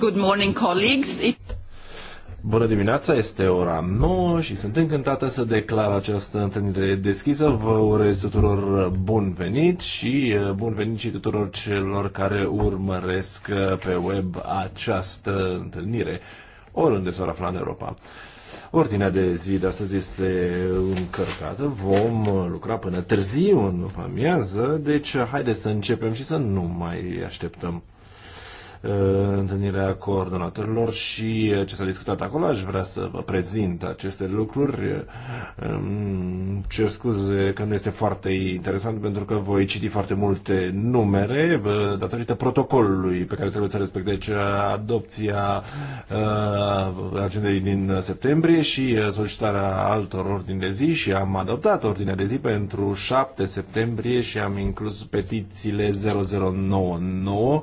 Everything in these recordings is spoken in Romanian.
Good morning, colleagues. It... Bună dimineața, este ora 9 și sunt încântată să declar această întâlnire deschisă. Vă urez tuturor bun venit și eh, bun venit și tuturor celor care urmăresc eh, pe web această întâlnire, oriunde s-ar afla în Europa. Ordinea de zi de astăzi este încărcată, vom uh, lucra până târziu în amiază, deci haideți să începem și să nu mai așteptăm. Uh, întâlnirea coordonatorilor și uh, ce s-a discutat acolo. Aș vrea să vă prezint aceste lucruri. Um, cer scuze că nu este foarte interesant pentru că voi citi foarte multe numere uh, datorită protocolului pe care trebuie să respecte Deci adopția agendei din septembrie și solicitarea altor ordini de zi și am adoptat ordinea de zi pentru 7 septembrie și am inclus petițiile 0099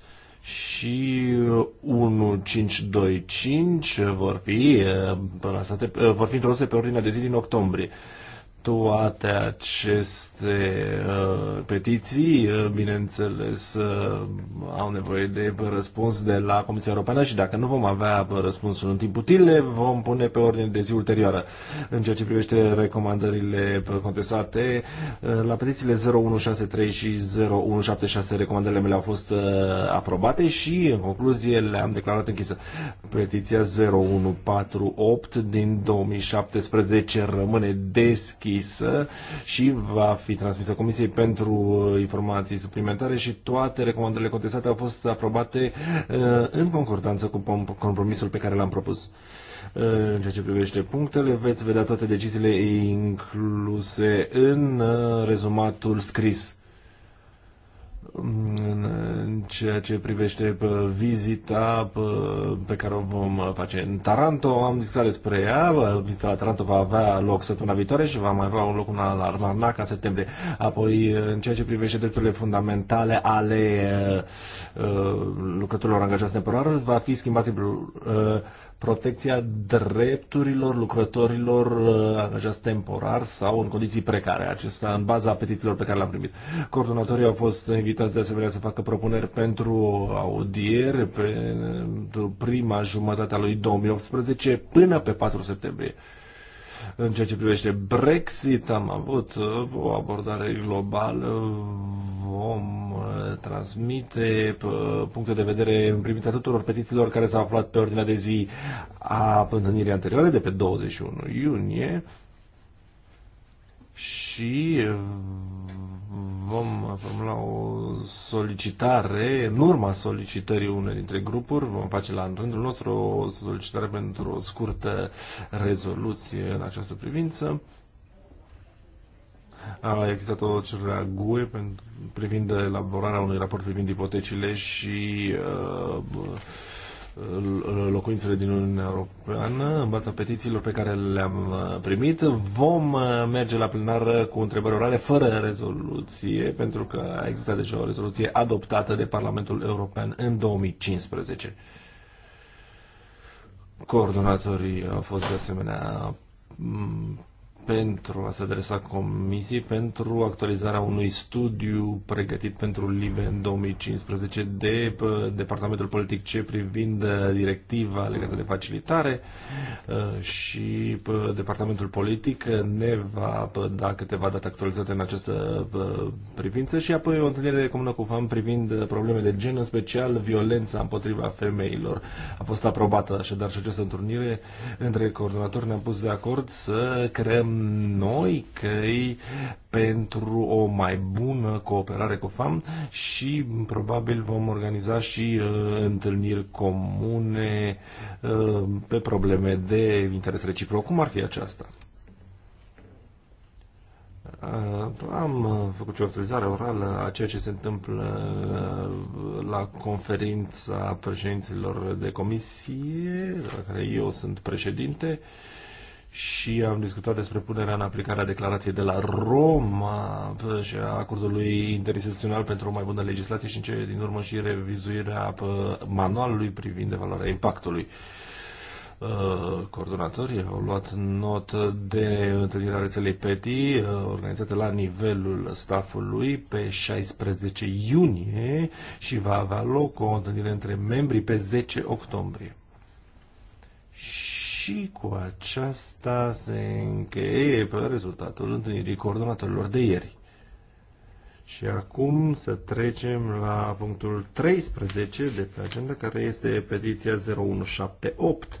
și 1525 uh, uh, vor fi, lansate, uh, vor fi introduse pe ordinea de zi din octombrie toate aceste uh, petiții, uh, bineînțeles, uh, au nevoie de răspuns de la Comisia Europeană și dacă nu vom avea răspunsul în timp util, le vom pune pe ordine de zi ulterioară. În ceea ce privește recomandările contestate, uh, la petițiile 0163 și 0176 recomandările mele au fost uh, aprobate și, în concluzie, le-am declarat închisă. Petiția 0148 din 2017 rămâne deschisă deschisă și va fi transmisă Comisiei pentru uh, informații suplimentare și toate recomandările contestate au fost aprobate uh, în concordanță cu compromisul pe care l-am propus. Uh, în ceea ce privește punctele, veți vedea toate deciziile incluse în rezumatul scris în ceea ce privește vizita pe care o vom face în Taranto, am discutat despre ea, vizita la Taranto va avea loc săptămâna viitoare și va mai avea un loc în la Armanaca septembrie. Apoi, în ceea ce privește drepturile fundamentale ale eh, eh, lucrătorilor angajați temporar, va fi schimbat uh, protecția drepturilor lucrătorilor uh, angajați uh, temporar sau în condiții precare, acesta în baza petițiilor pe care le-am primit. Coordonatorii au fost invitați de asemenea să facă propuneri pentru audiere pentru prima jumătate a lui 2018 până pe 4 septembrie. În ceea ce privește Brexit, am avut uh, o abordare globală, vom uh, transmite uh, puncte de vedere în privința tuturor petițiilor care s-au aflat pe ordinea de zi a întâlnirii anterioare de pe 21 iunie și vom formula o solicitare, în urma solicitării unei dintre grupuri, vom face la rândul nostru o solicitare pentru o scurtă rezoluție în această privință. A existat o cerere a GUE privind elaborarea unui raport privind ipotecile și uh, locuințele din Uniunea Europeană în baza petițiilor pe care le-am uh, primit. Vom uh, merge la plenar cu întrebări orale fără rezoluție, pentru că a existat deja o rezoluție adoptată de Parlamentul European în 2015. Coordonatorii au fost de asemenea mm, pentru a se adresa comisiei pentru actualizarea unui studiu pregătit pentru LIBE în 2015 de uh, Departamentul Politic C privind uh, directiva legată de facilitare uh, și Departamentul Politic ne va da câteva date actualizate în această privință și apoi o întâlnire comună cu FAM privind probleme de gen, în special violența împotriva femeilor. A fost aprobată așadar și această întâlnire între coordonatori ne-am pus de acord să creăm noi căi pentru o mai bună cooperare cu FAM și probabil vom organiza și uh, întâlniri comune uh, pe probleme de interes reciproc. Cum ar fi aceasta? Uh, am uh, făcut și o actualizare orală a ceea ce se întâmplă uh, la conferința președinților de comisie, la care eu sunt președinte. Uh, și am discutat despre punerea în aplicare a declarației de la Roma și a acordului interinstituțional pentru o mai bună legislație și în cele din urmă și revizuirea uh, manualului privind evaluarea impactului uh, coordonatorii au luat notă de întâlnirea rețelei PETI uh, organizată la nivelul staffului pe 16 iunie și va avea loc o întâlnire între membrii pe 10 octombrie. Și și cu aceasta se încheie rezultatul întâlnirii coordonatorilor de ieri. Și acum să trecem la punctul 13 de pe agenda, care este petiția 0178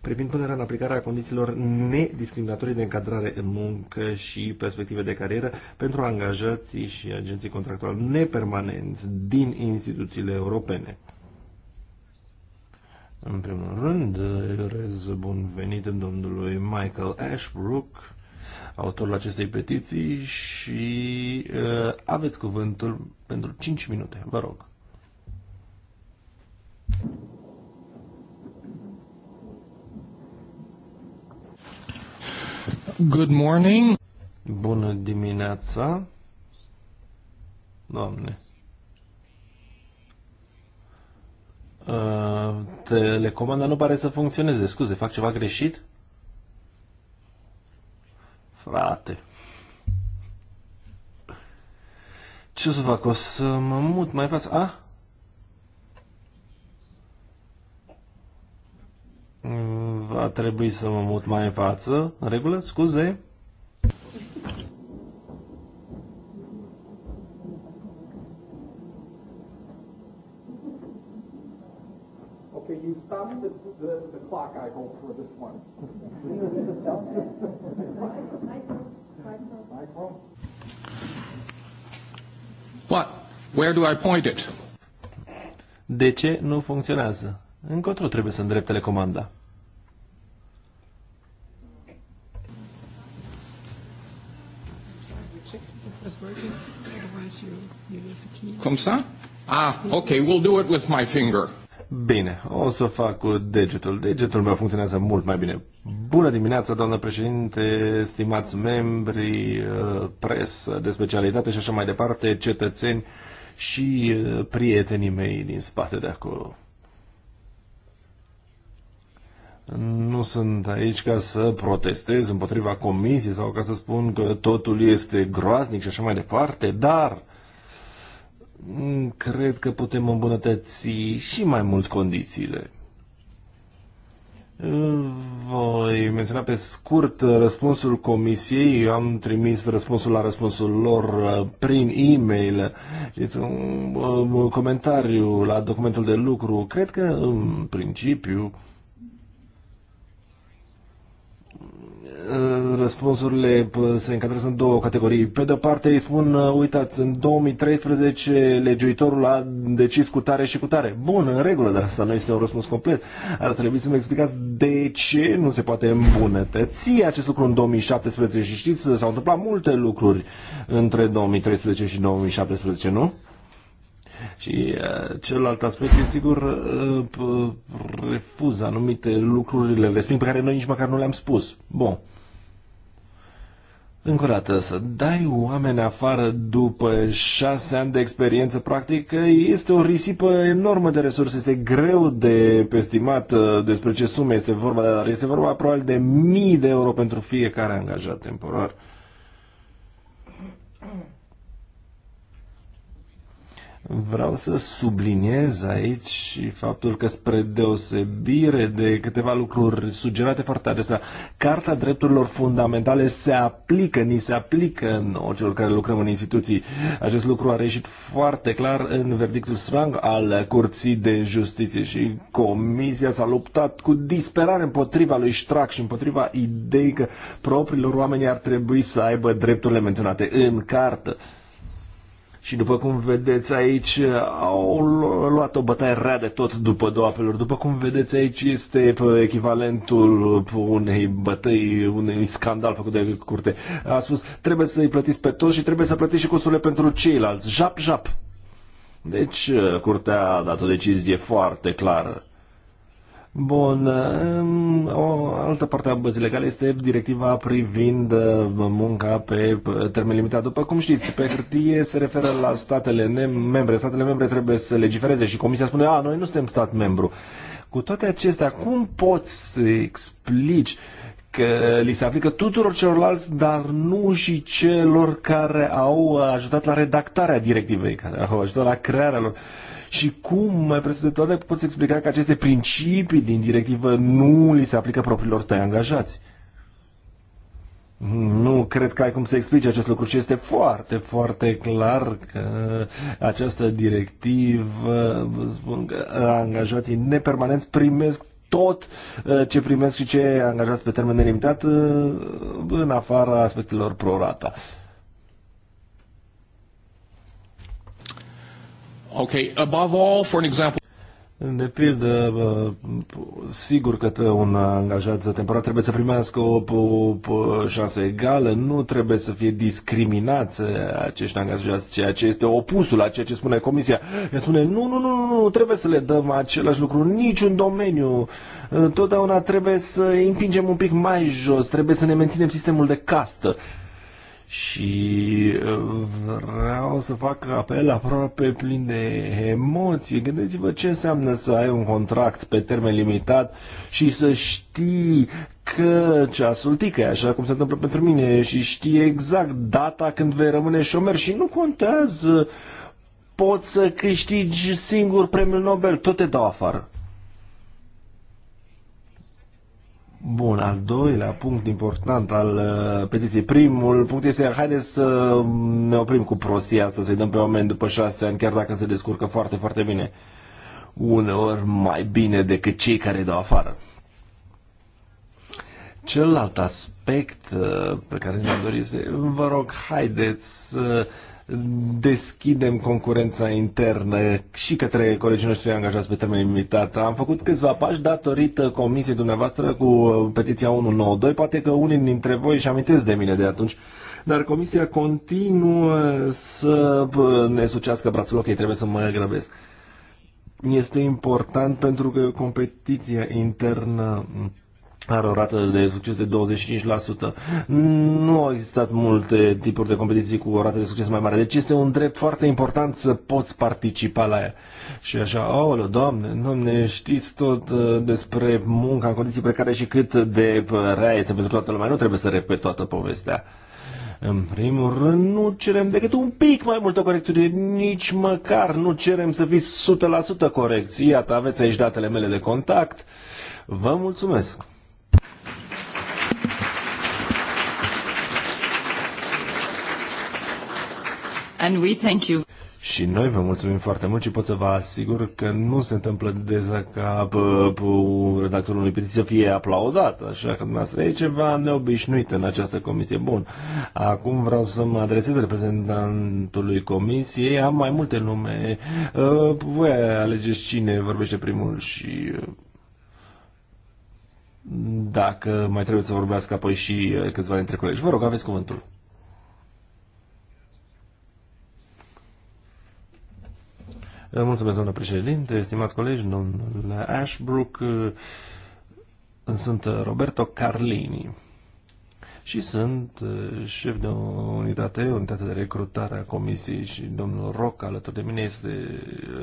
privind punerea în aplicare a condițiilor nediscriminatorii de încadrare în muncă și perspective de carieră pentru angajații și agenții contractuali nepermanenți din instituțiile europene. În primul rând, îi urez bun venit în domnului Michael Ashbrook, autorul acestei petiții și uh, aveți cuvântul pentru 5 minute, vă rog. Good morning. Bună dimineața. Doamne. Uh, telecomanda nu pare să funcționeze. Scuze, fac ceva greșit? Frate. Ce o să fac? O să mă mut mai față? A? Va trebui să mă mut mai în față. În regulă? Scuze. stop the, the, the clock, I hope, for this one. What? Where do I point it? De ce nu funcționează? Încotro trebuie să îndrept telecomanda. Cum ça? Ah, okay, we'll do it with my finger. Bine, o să fac cu degetul. Degetul meu funcționează mult mai bine. Bună dimineața, doamnă președinte, stimați membri, uh, presă de specialitate și așa mai departe, cetățeni și uh, prietenii mei din spate de acolo. Nu sunt aici ca să protestez împotriva comisiei sau ca să spun că totul este groaznic și așa mai departe, dar Mm, cred că putem îmbunătăți și mai mult condițiile. Uh, voi menționa pe scurt răspunsul comisiei. Eu am trimis răspunsul la răspunsul lor uh, prin e-mail. Este deci, uh, un comentariu la documentul de lucru. Cred că, în principiu, răspunsurile se încadrează în două categorii. Pe de-o parte îi spun, ă, uitați, în 2013 legiuitorul a decis cu tare și cu tare. Bun, în regulă, dar asta nu este un răspuns complet. Ar trebui să-mi explicați de ce nu se poate îmbunătăți acest lucru în 2017 și știți, s-au întâmplat multe lucruri între 2013 și 2017, nu? Și ă, celălalt aspect e sigur ă, refuz anumite lucrurile resping pe care noi nici măcar nu le-am spus. Bun încă o dată, să dai oameni afară după șase ani de experiență, practic, este o risipă enormă de resurse. Este greu de estimat uh, despre ce sume este vorba, dar este vorba probabil de mii de euro pentru fiecare angajat temporar. Vreau să subliniez aici faptul că spre deosebire de câteva lucruri sugerate foarte adesea, Carta Drepturilor Fundamentale se aplică, ni se aplică în celor care lucrăm în instituții. Acest lucru a reșit foarte clar în verdictul strang al Curții de Justiție și Comisia s-a luptat cu disperare împotriva lui Strac și împotriva ideii că propriilor oameni ar trebui să aibă drepturile menționate în cartă. Și după cum vedeți aici, au luat o bătaie rea de tot după două apeluri. După cum vedeți aici, este echivalentul unei bătăi, unui scandal făcut de curte. A spus, trebuie să-i plătiți pe toți și trebuie să plătiți și costurile pentru ceilalți. Jap, jap. Deci, curtea a dat o decizie foarte clară. Bun, o altă parte a băzii legale este directiva privind uh, munca pe uh, termen limitat. După cum știți, pe hârtie se referă la statele membre. Statele membre trebuie să legifereze și Comisia spune, a, noi nu suntem stat membru. Cu toate acestea, cum poți să explici că li se aplică tuturor celorlalți, dar nu și celor care au ajutat la redactarea directivei, care au ajutat la crearea lor? și cum, mai precis de toate, poți explica că aceste principii din directivă nu li se aplică propriilor tăi angajați? Nu cred că ai cum să explici acest lucru și este foarte, foarte clar că această directivă spun că angajații nepermanenți primesc tot uh, ce primesc și ce angajați pe termen nelimitat uh, în afara aspectelor prorata. rata Okay, above all, for an example, de pildă, sigur că un angajat temporar trebuie să primească o, o, o șansă egală, nu trebuie să fie discriminați eh, acești angajați, ceea ce este opusul a ceea ce spune Comisia. Ea spune, nu, nu, nu, nu, trebuie să le dăm același lucru, niciun domeniu. Totdeauna trebuie să împingem un pic mai jos, trebuie să ne menținem sistemul de castă și uh, vreau să fac apel aproape plin de emoții. Gândiți-vă ce înseamnă să ai un contract pe termen limitat și să știi că ceasul tică, așa cum se întâmplă pentru mine și știi exact data când vei rămâne șomer și nu contează poți să câștigi singur premiul Nobel, tot te dau afară. Bun, al doilea punct important al uh, petiției. Primul punct este, haideți să um, ne oprim cu prostia asta, să-i dăm pe oameni după șase ani, chiar dacă se descurcă foarte, foarte bine. Uneori mai bine decât cei care dau afară. Celălalt aspect uh, pe care ne-am dorit să... Vă rog, haideți să uh, deschidem concurența internă și către colegii noștri angajați pe termen limitat. Am făcut câțiva pași datorită comisiei dumneavoastră cu petiția 192. Poate că unii dintre voi își amintesc de mine de atunci dar comisia continuă să ne sucească brațul, ok, trebuie să mă grăbesc. Este important pentru că competiția internă are o rată de succes de 25%. Nu au existat multe tipuri de competiții cu o rată de succes mai mare, deci este un drept foarte important să poți participa la ea. Și așa, aoleu, doamne, doamne, știți tot uh, despre munca în condiții pe care și cât de uh, rea este pentru toată lumea, nu trebuie să repet toată povestea. În primul rând, nu cerem decât un pic mai multă corecturi, nici măcar nu cerem să fiți 100% corecți. Iată, aveți aici datele mele de contact. Vă mulțumesc! And we thank you. Și noi vă mulțumim foarte mult și pot să vă asigur că nu se întâmplă des ca redactorul unui petit să fie aplaudat, așa că dumneavoastră e ceva neobișnuit în această comisie. Bun, acum vreau să mă adresez reprezentantului comisiei, am mai multe nume, uh, voi alegeți cine vorbește primul și uh, dacă mai trebuie să vorbească apoi și uh, câțiva dintre colegi. Vă rog, aveți cuvântul. Mulțumesc, domnule președinte, stimați colegi, domnule Ashbrook, uh, sunt uh, Roberto Carlini și sunt uh, șef de unitate, unitate de recrutare a comisiei și domnul Roc alături de mine este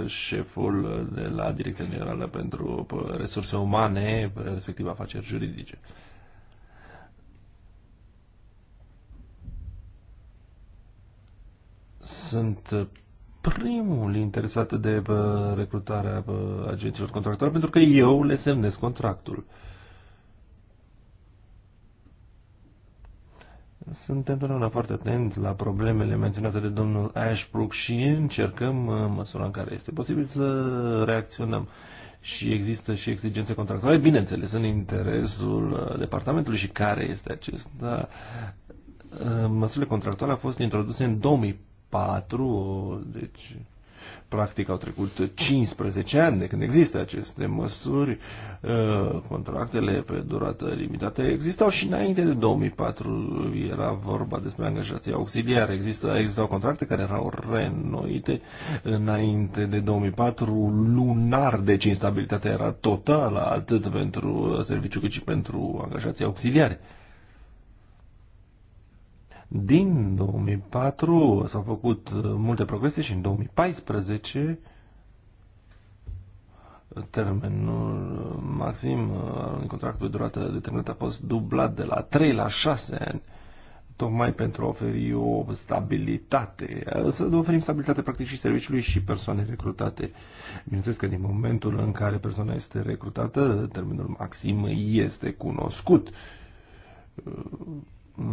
șeful de la Direcția Generală pentru Resurse Umane, respectiv afaceri juridice. Sunt primul interesat de uh, recrutarea uh, agenților contractuali pentru că eu le semnez contractul. Suntem întotdeauna foarte atenți la problemele menționate de domnul Ashbrook și încercăm, uh, în măsura în care este posibil, să reacționăm. Și există și exigențe contractuale, bineînțeles, în interesul departamentului și care este acesta. Măsurile contractuale au fost introduse în 2000 4, deci practic au trecut 15 ani de când există aceste măsuri, uh, contractele pe durată limitată existau și înainte de 2004 era vorba despre angajații auxiliari, există, existau contracte care erau renoite înainte de 2004 lunar, deci instabilitatea era totală atât pentru serviciu cât și pentru angajații auxiliari. Din 2004 s-au făcut uh, multe progrese și în 2014 termenul uh, maxim uh, al unui contract pe durată determinată a fost dublat de la 3 la 6 ani tocmai pentru a oferi o stabilitate, să oferim stabilitate practic și serviciului și persoane recrutate. Bineînțeles că din momentul în care persoana este recrutată, termenul maxim este cunoscut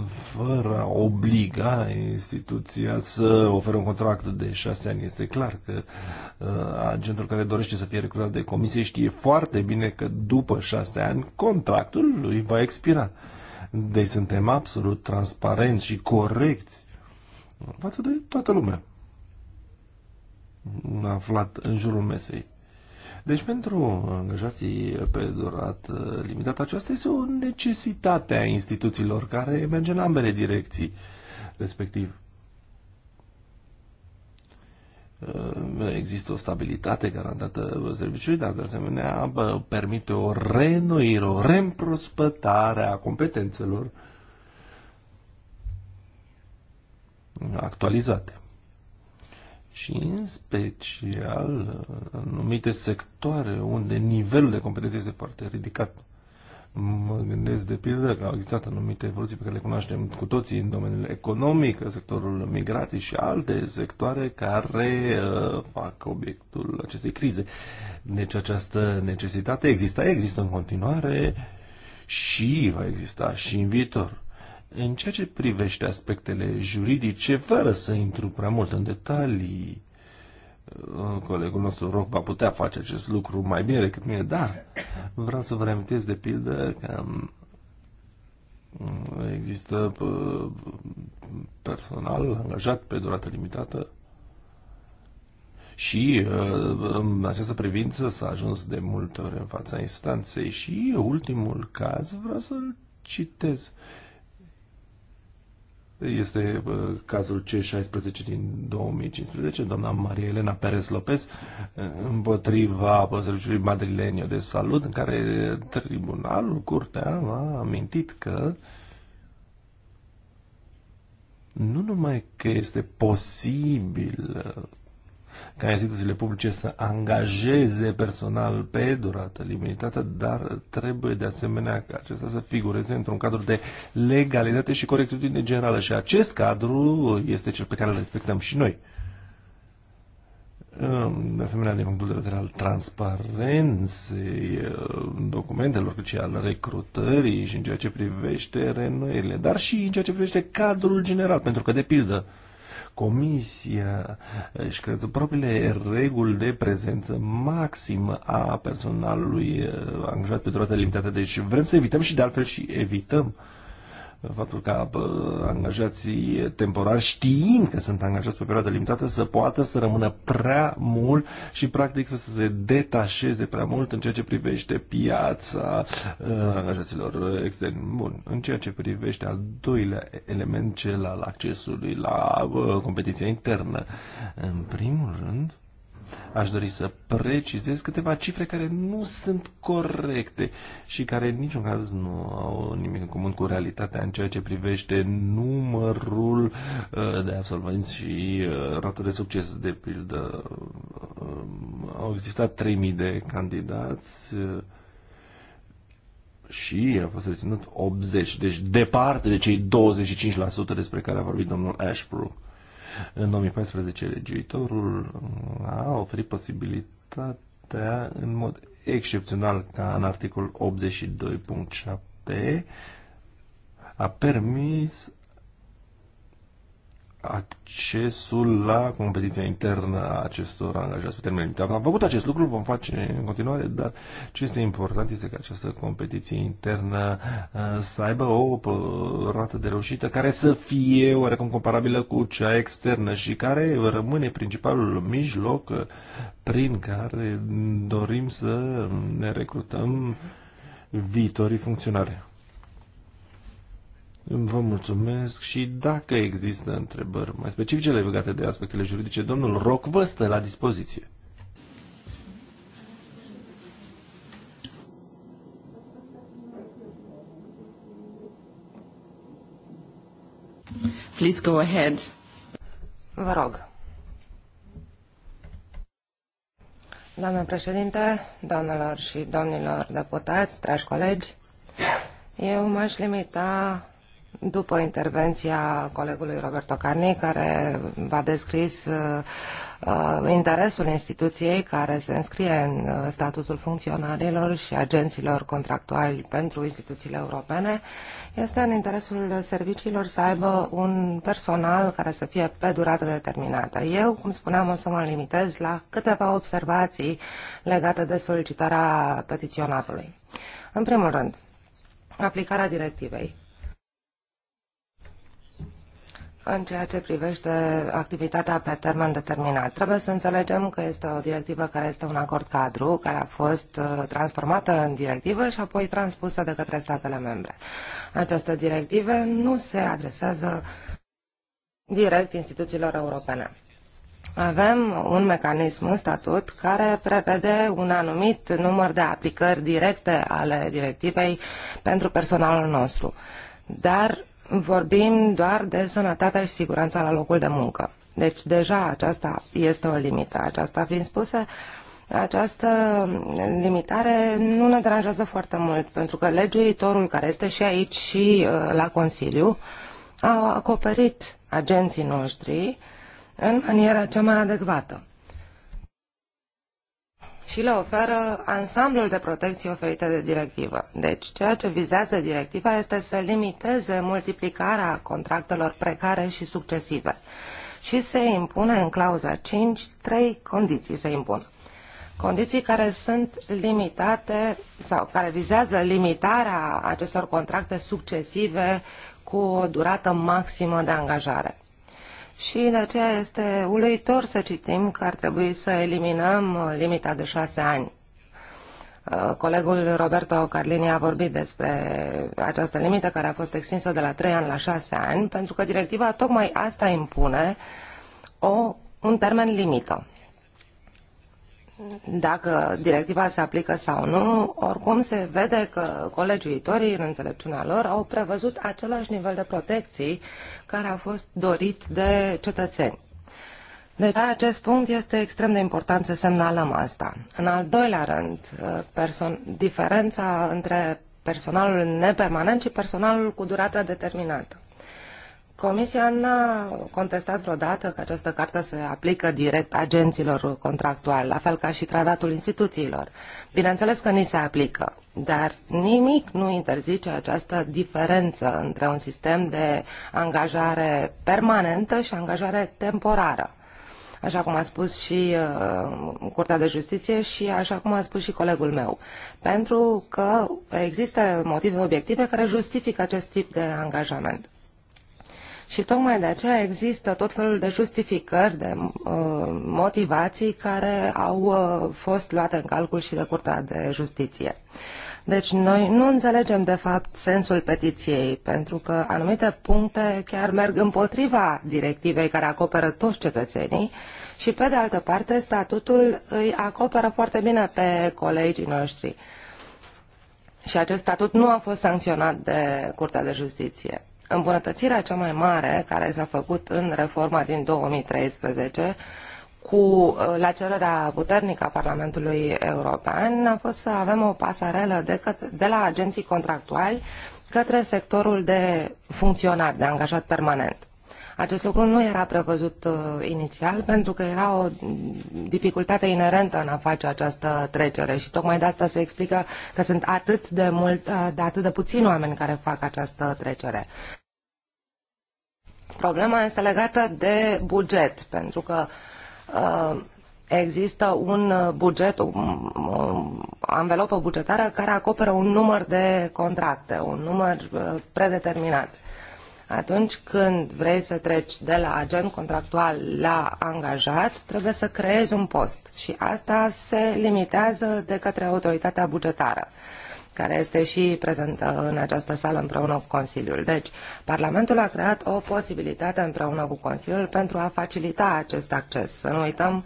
fără a obliga instituția să ofere un contract de șase ani. Este clar că uh, agentul care dorește să fie recrutat de comisie știe foarte bine că după șase ani contractul lui va expira. Deci suntem absolut transparenți și corecți față de toată lumea aflat în jurul mesei. Deci pentru angajații pe durat limitat, aceasta este o necesitate a instituțiilor care merge în ambele direcții, respectiv uh, există o stabilitate garantată serviciului, dar de asemenea permite o renoire, o reîmprospătare a competențelor actualizate și în special în anumite sectoare unde nivelul de competență este foarte ridicat. Mă gândesc de pildă că au existat anumite evoluții pe care le cunoaștem cu toții în domeniul economic, sectorul migrației și alte sectoare care uh, fac obiectul acestei crize. Deci această necesitate exista, există în continuare și va exista și în viitor. În ceea ce privește aspectele juridice, fără să intru prea mult în detalii, uh, colegul nostru Roc va putea face acest lucru mai bine decât mine, dar vreau să vă reamintesc de pildă că um, există uh, personal angajat pe durată limitată și uh, în această privință s-a ajuns de multe ori în fața instanței și ultimul caz vreau să-l citez. Este cazul C16 din 2015, doamna Maria Elena Perez Lopez, împotriva păsăriciului Madrilenio de Salut, în care tribunalul, curtea, a amintit că nu numai că este posibil ca instituțiile publice să angajeze personal pe durată limitată, dar trebuie de asemenea ca acesta să figureze într-un cadru de legalitate și corectitudine generală. Și acest cadru este cel pe care îl respectăm și noi. Ehm, de asemenea, din punctul de vedere al transparenței ehm, documentelor, cât și al recrutării și în ceea ce privește renoirile, dar și în ceea ce privește cadrul general, pentru că, de pildă, Comisia eh, își creează propriile reguli de prezență maximă a personalului eh, angajat pe durată limitată. Deci vrem să evităm și de altfel și evităm faptul ca angajații temporari, știind că sunt angajați pe perioadă limitată, să poată să rămână prea mult și practic să se detașeze prea mult în ceea ce privește piața uh, angajaților externi. Bun, în ceea ce privește al doilea element, cel al accesului la uh, competiția internă, în primul rând, Aș dori să precizez câteva cifre care nu sunt corecte și care în niciun caz nu au nimic în comun cu realitatea în ceea ce privește numărul uh, de absolvenți și uh, rata de succes. De pildă, uh, au existat 3.000 de candidați și a fost reținut 80, deci departe de cei 25% despre care a vorbit domnul Ashbrook. În 2014, legiuitorul a oferit posibilitatea în mod excepțional ca în articol 82.7 a permis accesul la competiția internă a acestor angajați pe termen limitat. Am făcut acest lucru, vom face în continuare, dar ce este important este că această competiție internă uh, să aibă o uh, rată de reușită care să fie oarecum comparabilă cu cea externă și care rămâne principalul mijloc uh, prin care dorim să ne recrutăm viitorii funcționari. Vă mulțumesc și dacă există întrebări mai specifice legate de aspectele juridice, domnul Roc vă stă la dispoziție. Please go ahead. Vă rog. Doamna președinte, doamnelor și domnilor deputați, dragi colegi, eu m-aș limita după intervenția colegului Roberto Carni, care v-a descris uh, uh, interesul instituției care se înscrie în uh, statutul funcționarilor și agenților contractuali pentru instituțiile europene, este în interesul serviciilor să aibă un personal care să fie pe durată determinată. Eu, cum spuneam, o să mă limitez la câteva observații legate de solicitarea petiționatului. În primul rând, aplicarea directivei în ceea ce privește activitatea pe termen determinat. Trebuie să înțelegem că este o directivă care este un acord cadru, care a fost uh, transformată în directivă și apoi transpusă de către statele membre. Această directivă nu se adresează direct instituțiilor europene. Avem un mecanism în statut care prevede un anumit număr de aplicări directe ale directivei pentru personalul nostru. Dar vorbim doar de sănătatea și siguranța la locul de muncă. Deci deja aceasta este o limită. Aceasta fiind spusă, această limitare nu ne deranjează foarte mult, pentru că legiuitorul care este și aici și uh, la Consiliu a acoperit agenții noștri în maniera cea mai adecvată și le oferă ansamblul de protecții oferite de directivă. Deci, ceea ce vizează directiva este să limiteze multiplicarea contractelor precare și succesive și se impune în clauza 5 trei condiții se impun. Condiții care sunt limitate sau care vizează limitarea acestor contracte succesive cu o durată maximă de angajare și de aceea este uluitor să citim că ar trebui să eliminăm uh, limita de șase ani. Uh, colegul Roberto Carlini a vorbit despre această limită care a fost extinsă de la 3 ani la 6 ani, pentru că directiva tocmai asta impune o, un termen limită dacă directiva se aplică sau nu, oricum se vede că colegiuitorii, în înțelepciunea lor, au prevăzut același nivel de protecții care a fost dorit de cetățeni. Deci, acest punct este extrem de important să semnalăm asta. În al doilea rând, diferența între personalul nepermanent și personalul cu durată determinată. Comisia n-a contestat vreodată că această carte se aplică direct agenților contractuali, la fel ca și tratatul instituțiilor. Bineînțeles că ni se aplică, dar nimic nu interzice această diferență între un sistem de angajare permanentă și angajare temporară așa cum a spus și uh, Curtea de Justiție și așa cum a spus și colegul meu. Pentru că există motive obiective care justifică acest tip de angajament. Și tocmai de aceea există tot felul de justificări, de uh, motivații care au uh, fost luate în calcul și de Curtea de Justiție. Deci noi nu înțelegem de fapt sensul petiției, pentru că anumite puncte chiar merg împotriva directivei care acoperă toți cetățenii și pe de altă parte statutul îi acoperă foarte bine pe colegii noștri. Și acest statut nu a fost sancționat de Curtea de Justiție. Îmbunătățirea cea mai mare care s-a făcut în reforma din 2013 cu, uh, la cererea puternică a Parlamentului European a fost să avem o pasarelă de, de la agenții contractuali către sectorul de funcționar, de angajat permanent. Acest lucru nu era prevăzut uh, inițial pentru că era o dificultate inerentă în a face această trecere și tocmai de asta se explică că sunt atât de, mult, uh, de atât de puțini oameni care fac această trecere. Problema este legată de buget, pentru că uh, există un uh, buget, o anvelopă bugetară care acoperă un număr de contracte, un număr uh, predeterminat. Atunci când vrei să treci de la agent contractual la angajat, trebuie să creezi un post și asta se limitează de către autoritatea bugetară. Uh, care este și prezentă în această sală împreună cu Consiliul. Deci, Parlamentul a creat o posibilitate împreună cu Consiliul pentru a facilita acest acces. Să nu uităm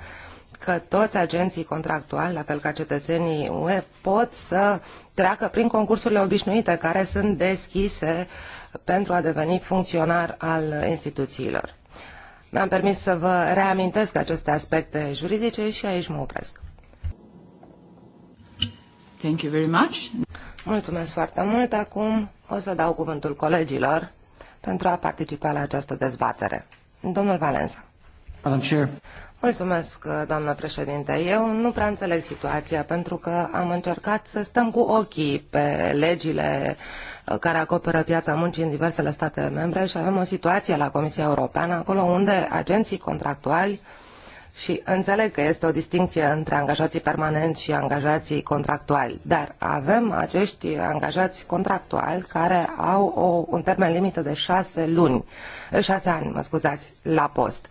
că toți agenții contractuali, la fel ca cetățenii UE, pot să treacă prin concursurile obișnuite care sunt deschise pentru a deveni funcționar al instituțiilor. Mi-am permis să vă reamintesc aceste aspecte juridice și aici mă opresc. Thank you very much. Mulțumesc foarte mult. Acum o să dau cuvântul colegilor pentru a participa la această dezbatere. Domnul Valenza. Madam Chair. Mulțumesc, doamnă președinte. Eu nu prea înțeleg situația pentru că am încercat să stăm cu ochii pe legile uh, care acoperă piața muncii în diversele state membre și avem o situație la Comisia Europeană, acolo unde agenții contractuali și înțeleg că este o distinție între angajații permanenți și angajații contractuali, dar avem acești angajați contractuali care au o, un termen limită de șase luni, șase ani, mă scuzați, la post.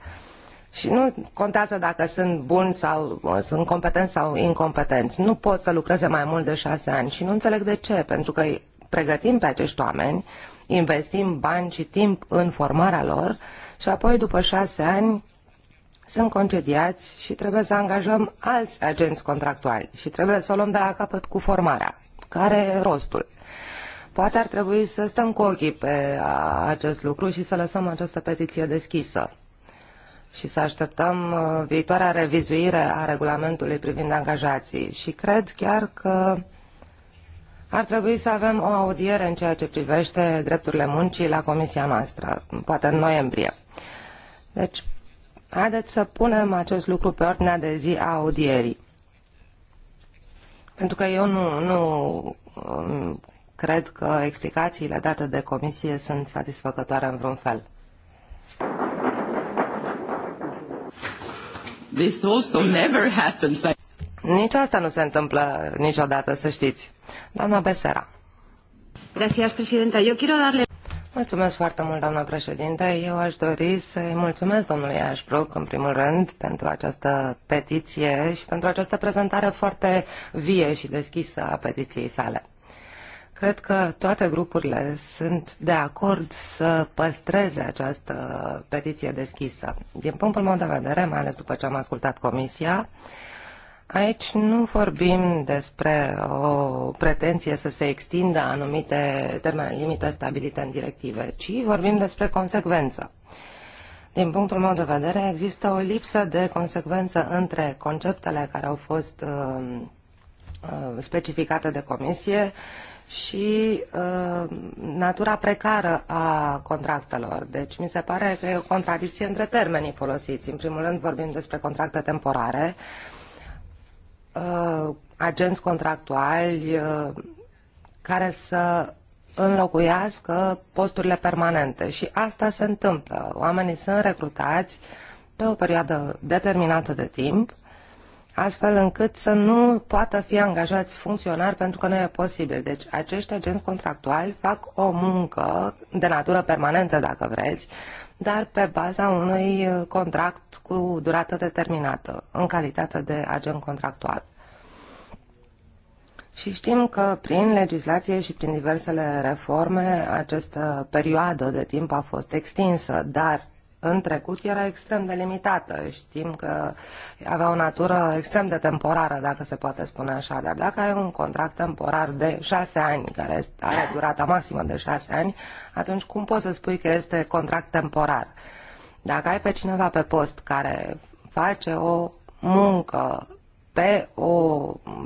Și nu contează dacă sunt buni sau sunt competenți sau incompetenți. Nu pot să lucreze mai mult de șase ani și nu înțeleg de ce, pentru că îi pregătim pe acești oameni, investim bani și timp în formarea lor și apoi după șase ani sunt concediați și trebuie să angajăm alți agenți contractuali și trebuie să o luăm de la capăt cu formarea. Care e rostul? Poate ar trebui să stăm cu ochii pe acest lucru și să lăsăm această petiție deschisă și să așteptăm uh, viitoarea revizuire a regulamentului privind angajații. Și cred chiar că ar trebui să avem o audiere în ceea ce privește drepturile muncii la comisia noastră, poate în noiembrie. Deci Haideți să punem acest lucru pe ordinea de zi a audierii. Pentru că eu nu, nu um, cred că explicațiile date de comisie sunt satisfăcătoare în vreun fel. This also never happens. Nici asta nu se întâmplă niciodată, să știți. Doamna Besera. Gracias, presidenta. Eu quiero darle Mulțumesc foarte mult, doamna președinte. Eu aș dori să-i mulțumesc domnului Ashbrook, în primul rând, pentru această petiție și pentru această prezentare foarte vie și deschisă a petiției sale. Cred că toate grupurile sunt de acord să păstreze această petiție deschisă. Din punctul meu de vedere, mai ales după ce am ascultat comisia, uh, Aici nu vorbim despre o pretenție să se extindă anumite termene limite stabilite în directive, ci vorbim despre consecvență. Din punctul meu de vedere, există o lipsă de consecvență între conceptele care au fost um, uh, specificate de comisie și uh, natura precară a contractelor. Deci mi se pare că e o contradicție între termenii folosiți. În primul rând vorbim despre contracte temporare, uh, Uh, agenți contractuali uh, care să înlocuiască posturile permanente. Și asta se întâmplă. Oamenii sunt recrutați pe o perioadă determinată de timp, astfel încât să nu poată fi angajați funcționari pentru că nu e posibil. Deci acești agenți contractuali fac o muncă de natură permanentă, dacă vreți, dar pe baza unui uh, contract cu durată determinată, în calitate de agent contractual. Și știm că prin legislație și prin diversele reforme această perioadă de timp a fost extinsă, dar în trecut era extrem de limitată. Știm că avea o natură extrem de temporară, dacă se poate spune așa, dar dacă ai un contract temporar de șase ani, care are durata maximă de șase ani, atunci cum poți să spui că este contract temporar? Dacă ai pe cineva pe post care face o muncă pe o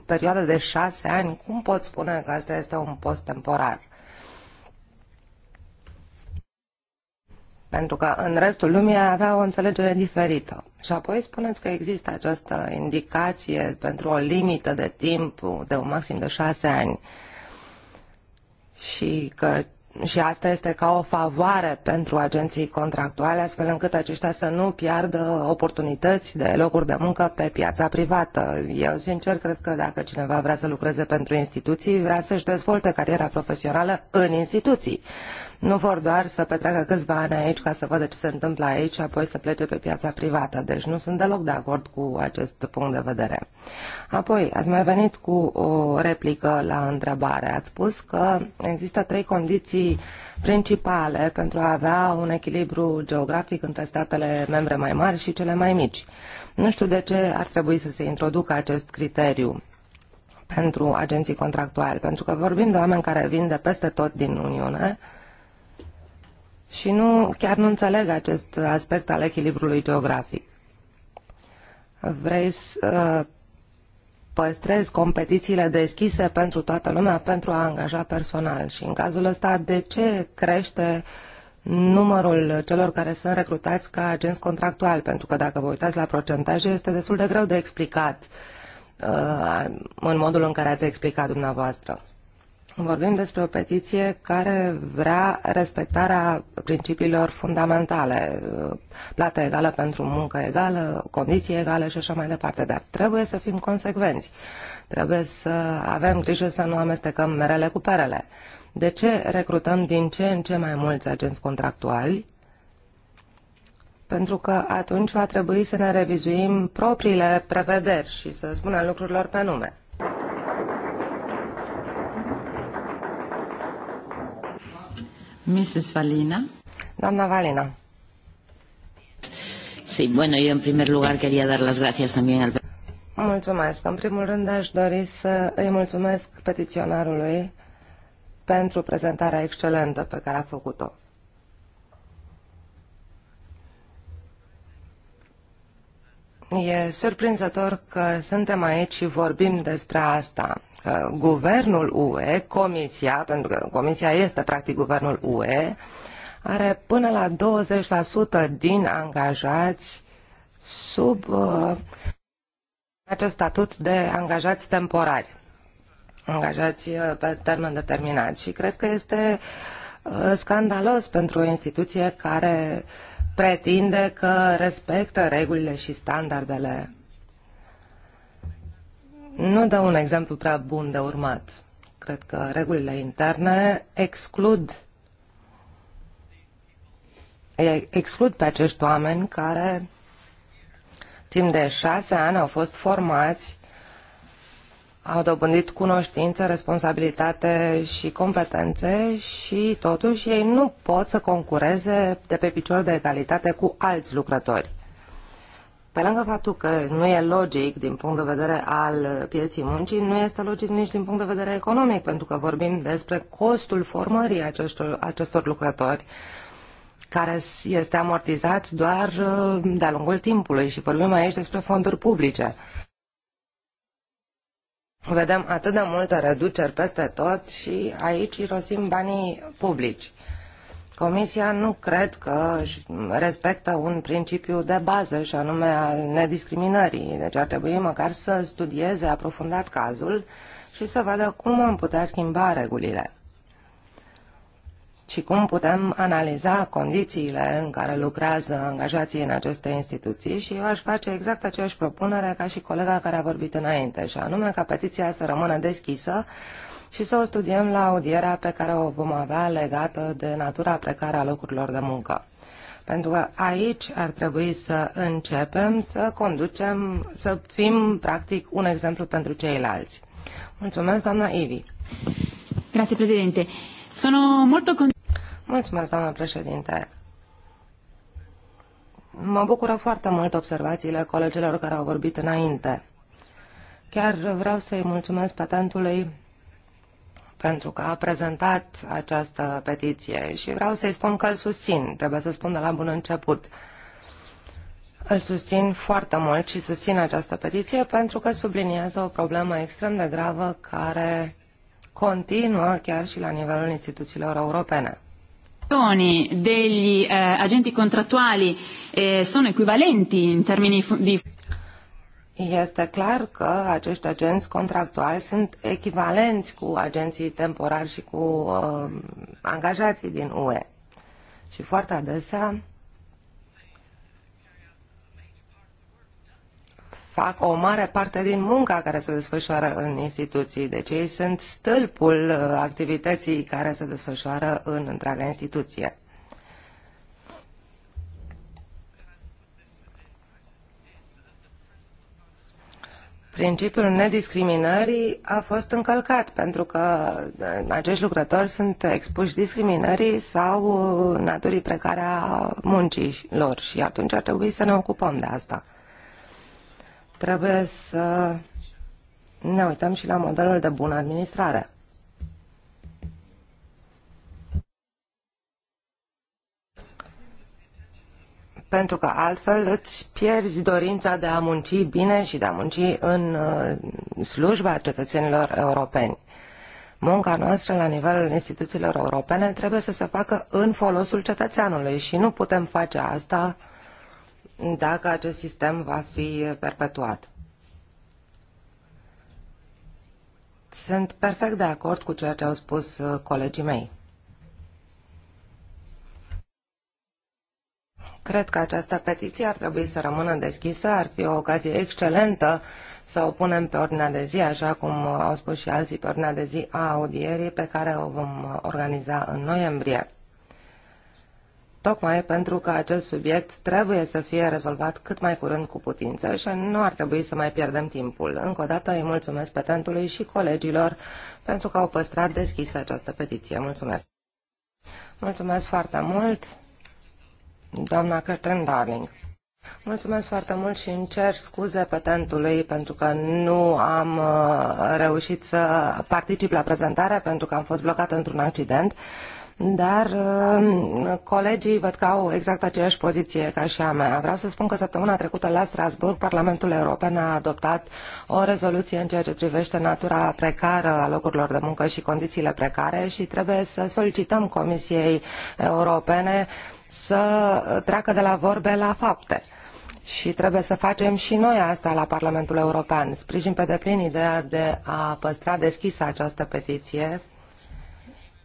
perioadă de șase ani, cum poți spune că asta este un post temporar? Pentru că în restul lumii avea o înțelegere diferită. Și apoi spuneți că există această indicație pentru o limită de timp de un maxim de șase ani și că și asta este ca o favoare pentru agenții contractuale, astfel încât aceștia să nu piardă oportunități de locuri de muncă pe piața privată. Eu, sincer, cred că dacă cineva vrea să lucreze pentru instituții, vrea să-și dezvolte cariera profesională în instituții. Nu vor doar să petreacă câțiva ani aici ca să vadă ce se întâmplă aici și apoi să plece pe piața privată. Deci nu sunt deloc de acord cu acest punct de vedere. Apoi, ați mai venit cu o replică la întrebare. Ați spus că există trei condiții principale pentru a avea un echilibru geografic între statele membre mai mari și cele mai mici. Nu știu de ce ar trebui să se introducă acest criteriu pentru agenții contractuali, pentru că vorbim de oameni care vin de peste tot din Uniune, și nu, chiar nu înțeleg acest aspect al echilibrului geografic. Vrei să uh, păstrezi competițiile deschise pentru toată lumea pentru a angaja personal și în cazul ăsta de ce crește numărul celor care sunt recrutați ca agenți contractuali, pentru că dacă vă uitați la procentaje este destul de greu de explicat uh, în modul în care ați explicat dumneavoastră. Vorbim despre o petiție care vrea respectarea principiilor fundamentale, plată egală pentru muncă egală, condiții egale și așa mai departe, dar trebuie să fim consecvenți. Trebuie să avem grijă să nu amestecăm merele cu perele. De ce recrutăm din ce în ce mai mulți agenți contractuali? Pentru că atunci va trebui să ne revizuim propriile prevederi și să spunem lucrurilor pe nume. Mrs. Valina. Doamna Valina. Sí, bueno, yo en primer lugar quería dar las gracias también al... Mulțumesc. În primul rând aș dori să îi mulțumesc petiționarului pentru prezentarea excelentă pe care a făcut-o. E surprinzător că suntem aici și vorbim despre asta. Uh, guvernul UE, Comisia, pentru că Comisia este practic guvernul UE, are până la 20% din angajați sub uh, acest statut de angajați temporari, angajați uh, pe termen determinat. Și cred că este uh, scandalos pentru o instituție care pretinde că respectă regulile și standardele nu dau un exemplu prea bun de urmat. Cred că regulile interne exclud exclud pe acești oameni care timp de șase ani au fost formați, au dobândit cunoștințe, responsabilitate și competențe și totuși ei nu pot să concureze de pe picior de egalitate cu alți lucrători. Pe lângă faptul că nu e logic din punct de vedere al pieții muncii, nu este logic nici din punct de vedere economic, pentru că vorbim despre costul formării acestor, acestor lucrători care este amortizat doar uh, de-a lungul timpului și vorbim aici despre fonduri publice. Vedem atât de multe reduceri peste tot și aici irosim banii publici. Comisia nu cred că respectă un principiu de bază și anume al nediscriminării. Deci ar trebui măcar să studieze aprofundat cazul și să vadă cum am putea schimba regulile și cum putem analiza condițiile în care lucrează angajații în aceste instituții și eu aș face exact aceeași propunere ca și colega care a vorbit înainte, și anume ca petiția să rămână deschisă și să o studiem la audierea pe care o vom avea legată de natura precară a locurilor de muncă. Pentru că aici ar trebui să începem să conducem, să fim practic un exemplu pentru ceilalți. Mulțumesc, doamna Ivi. Grazie, președinte. Sono molto con... Mulțumesc, doamna președinte. Mă bucură foarte mult observațiile colegilor care au vorbit înainte. Chiar vreau să-i mulțumesc patentului pentru că a prezentat această petiție și vreau să-i spun că îl susțin, trebuie să spun de la bun început. Îl susțin foarte mult și susțin această petiție pentru că subliniază o problemă extrem de gravă care continuă chiar și la nivelul instituțiilor europene degli eh, agenti contrattuali eh, sono equivalenti in termini di este clar că acești agenți contractuali sunt echivalenți cu agenții temporari și cu uh, angajații din UE. Și foarte adesea fac o mare parte din munca care se desfășoară în instituții. Deci ei sunt stâlpul uh, activității care se desfășoară în întreaga instituție. principiul nediscriminării a fost încălcat, pentru că uh, acești lucrători sunt expuși discriminării sau uh, naturii precare a muncii lor și atunci ar trebui să ne ocupăm de asta. Trebuie să ne uităm și la modelul de bună administrare. pentru că altfel îți pierzi dorința de a munci bine și de a munci în uh, slujba cetățenilor europeni. Munca noastră la nivelul instituțiilor europene trebuie să se facă în folosul cetățeanului și nu putem face asta dacă acest sistem va fi perpetuat. Sunt perfect de acord cu ceea ce au spus uh, colegii mei. Cred că această petiție ar trebui să rămână deschisă, ar fi o ocazie excelentă să o punem pe ordinea de zi, așa cum au spus și alții, pe ordinea de zi a audierii pe care o vom organiza în noiembrie. Tocmai pentru că acest subiect trebuie să fie rezolvat cât mai curând cu putință și nu ar trebui să mai pierdem timpul. Încă o dată îi mulțumesc petentului și colegilor pentru că au păstrat deschisă această petiție. Mulțumesc! Mulțumesc foarte mult! Doamna Curtin Darling. Mulțumesc foarte mult și îmi cer scuze petentului pentru că nu am uh, reușit să particip la prezentare pentru că am fost blocat într-un accident, dar uh, colegii văd că au exact aceeași poziție ca și a mea. Vreau să spun că săptămâna trecută la Strasbourg Parlamentul European a adoptat o rezoluție în ceea ce privește natura precară a locurilor de muncă și condițiile precare și trebuie să solicităm Comisiei Europene uh, să treacă de la vorbe la fapte. Și trebuie să facem și noi asta la Parlamentul European. Sprijin pe deplin ideea de a păstra deschisă această petiție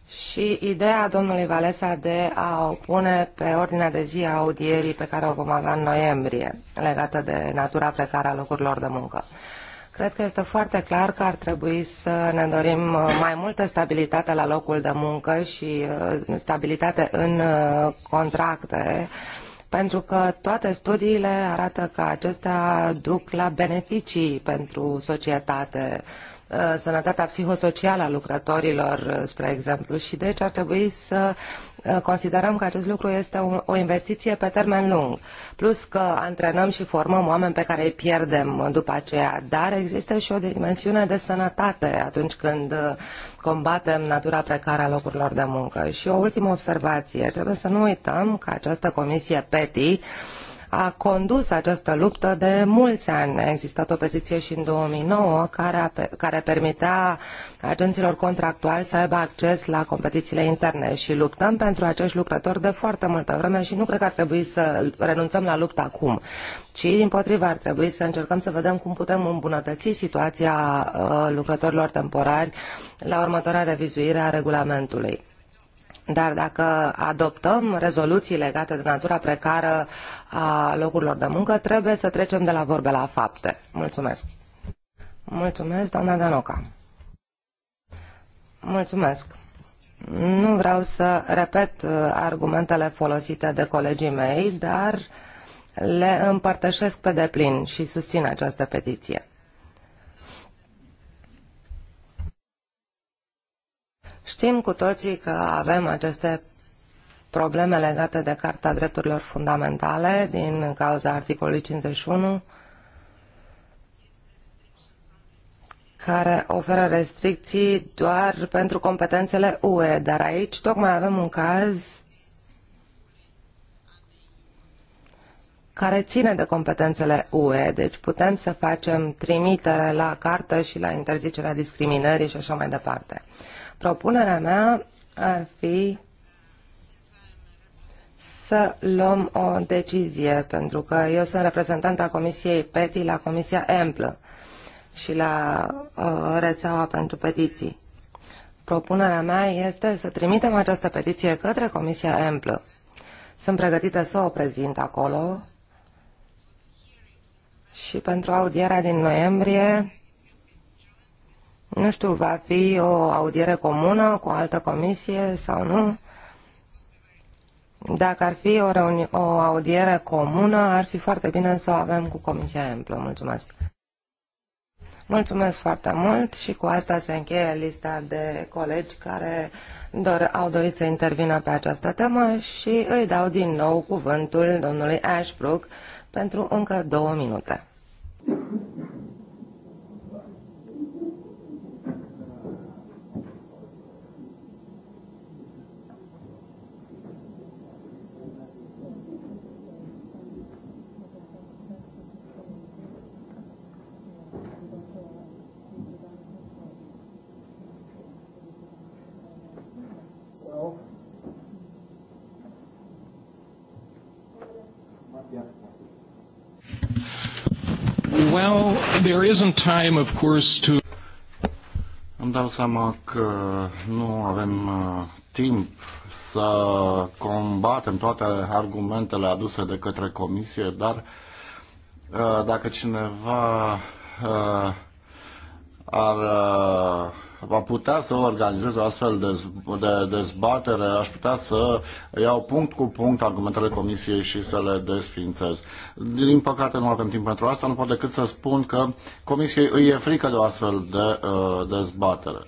și ideea domnului Valesa de a o pune pe ordinea de zi a audierii pe care o vom avea în noiembrie, legată de natura precară a locurilor de muncă. Cred că este foarte clar că ar trebui să ne dorim uh, mai multă stabilitate la locul de muncă și uh, stabilitate în uh, contracte, pentru că toate studiile arată că acestea duc la beneficii pentru societate Uh, sănătatea psihosocială a lucrătorilor, uh, spre exemplu, și deci ar trebui să uh, considerăm că acest lucru este o investiție pe termen lung. Plus că antrenăm și formăm oameni pe care îi pierdem după aceea, dar există și o dimensiune de sănătate atunci când combatem natura precară a locurilor de muncă. Și o ultimă observație, trebuie să nu uităm că această comisie PETI a condus această luptă de mulți ani. A existat o petiție și în 2009 care, a, care permitea agenților contractuali să aibă acces la competițiile interne și luptăm pentru acești lucrători de foarte multă vreme și nu cred că ar trebui să renunțăm la luptă acum ci din potrivă ar trebui să încercăm să vedem cum putem îmbunătăți situația uh, lucrătorilor temporari la următoarea revizuire a regulamentului. Dar dacă adoptăm rezoluții legate de natura precară a locurilor de muncă, trebuie să trecem de la vorbe la fapte. Mulțumesc. Mulțumesc, doamna Danoca. Mulțumesc. Nu vreau să repet uh, argumentele folosite de colegii mei, dar le împărtășesc pe deplin și susțin această petiție. Știm cu toții că avem aceste probleme legate de Carta Drepturilor Fundamentale din cauza articolului 51 care oferă restricții doar pentru competențele UE, dar aici tocmai avem un caz care ține de competențele UE, deci putem să facem trimitere la cartă și la interzicerea discriminării și așa mai departe. Propunerea mea ar fi să luăm o decizie, pentru că eu sunt reprezentanta Comisiei PETI la Comisia EMPLă și la uh, rețeaua pentru petiții. Propunerea mea este să trimitem această petiție către Comisia EMPLă. Sunt pregătită să o prezint acolo și pentru audierea din noiembrie nu știu, va fi o audiere comună cu o altă comisie sau nu? Dacă ar fi o, reuni- o audiere comună, ar fi foarte bine să o avem cu Comisia Emplă. Mulțumesc! Mulțumesc foarte mult și cu asta se încheie lista de colegi care dor, au dorit să intervină pe această temă și îi dau din nou cuvântul domnului Ashbrook pentru încă două minute. Well, there isn't time, of course, to... Îmi dau seama că nu avem uh, timp să combatem toate argumentele aduse de către comisie, dar uh, dacă cineva uh, ar va putea să organizeze o astfel de, de dezbatere, aș putea să iau punct cu punct argumentele Comisiei și să le desfințez. Din păcate nu avem timp pentru asta, nu pot decât să spun că Comisiei îi e frică de o astfel de uh, dezbatere.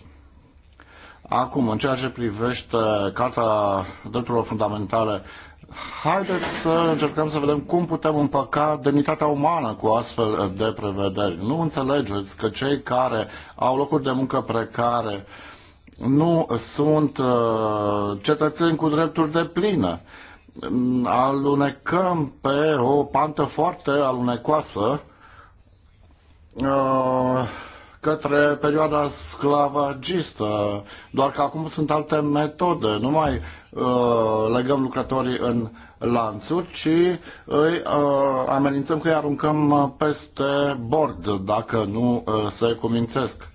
Acum, în ceea ce privește Carta Drepturilor Fundamentale Haideți să încercăm să vedem cum putem împăca demnitatea umană cu astfel de prevederi. Nu înțelegeți că cei care au locuri de muncă precare nu sunt uh, cetățeni cu drepturi de plină. Alunecăm pe o pantă foarte alunecoasă uh, către perioada sclavagistă, doar că acum sunt alte metode. Nu mai uh, legăm lucrătorii în lanțuri, ci îi uh, amenințăm că îi aruncăm peste bord dacă nu uh, se cumințesc.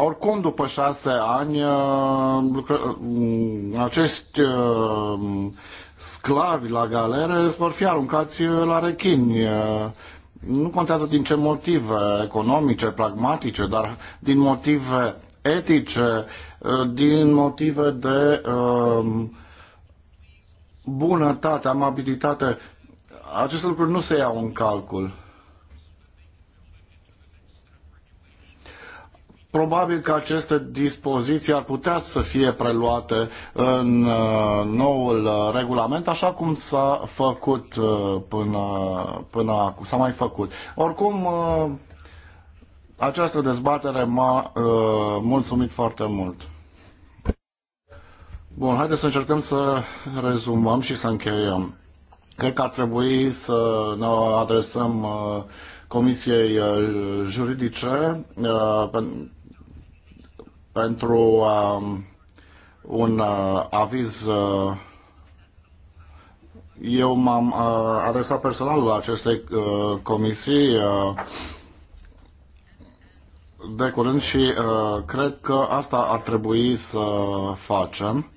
Oricum, după șase ani, uh, uh, acești uh, sclavi la galere vor fi aruncați la rechini nu contează din ce motive eh, economice, pragmatice, dar din motive etice, eh, din motive de ehm, bunătate, amabilitate. Aceste lucruri nu se iau în calcul. Probabil că aceste dispoziții ar putea să fie preluate în uh, noul uh, regulament, așa cum s-a făcut uh, până, până acum, s-a mai făcut. Oricum, această dezbatere m-a mulțumit foarte mult. Bun, haideți să încercăm să rezumăm și să încheiem. Cred că ar trebui să ne adresăm Comisiei Juridice pentru um, un uh, aviz. Uh, eu m-am uh, adresat personal acestei comisii de curând și uh, cred că asta ar trebui să facem.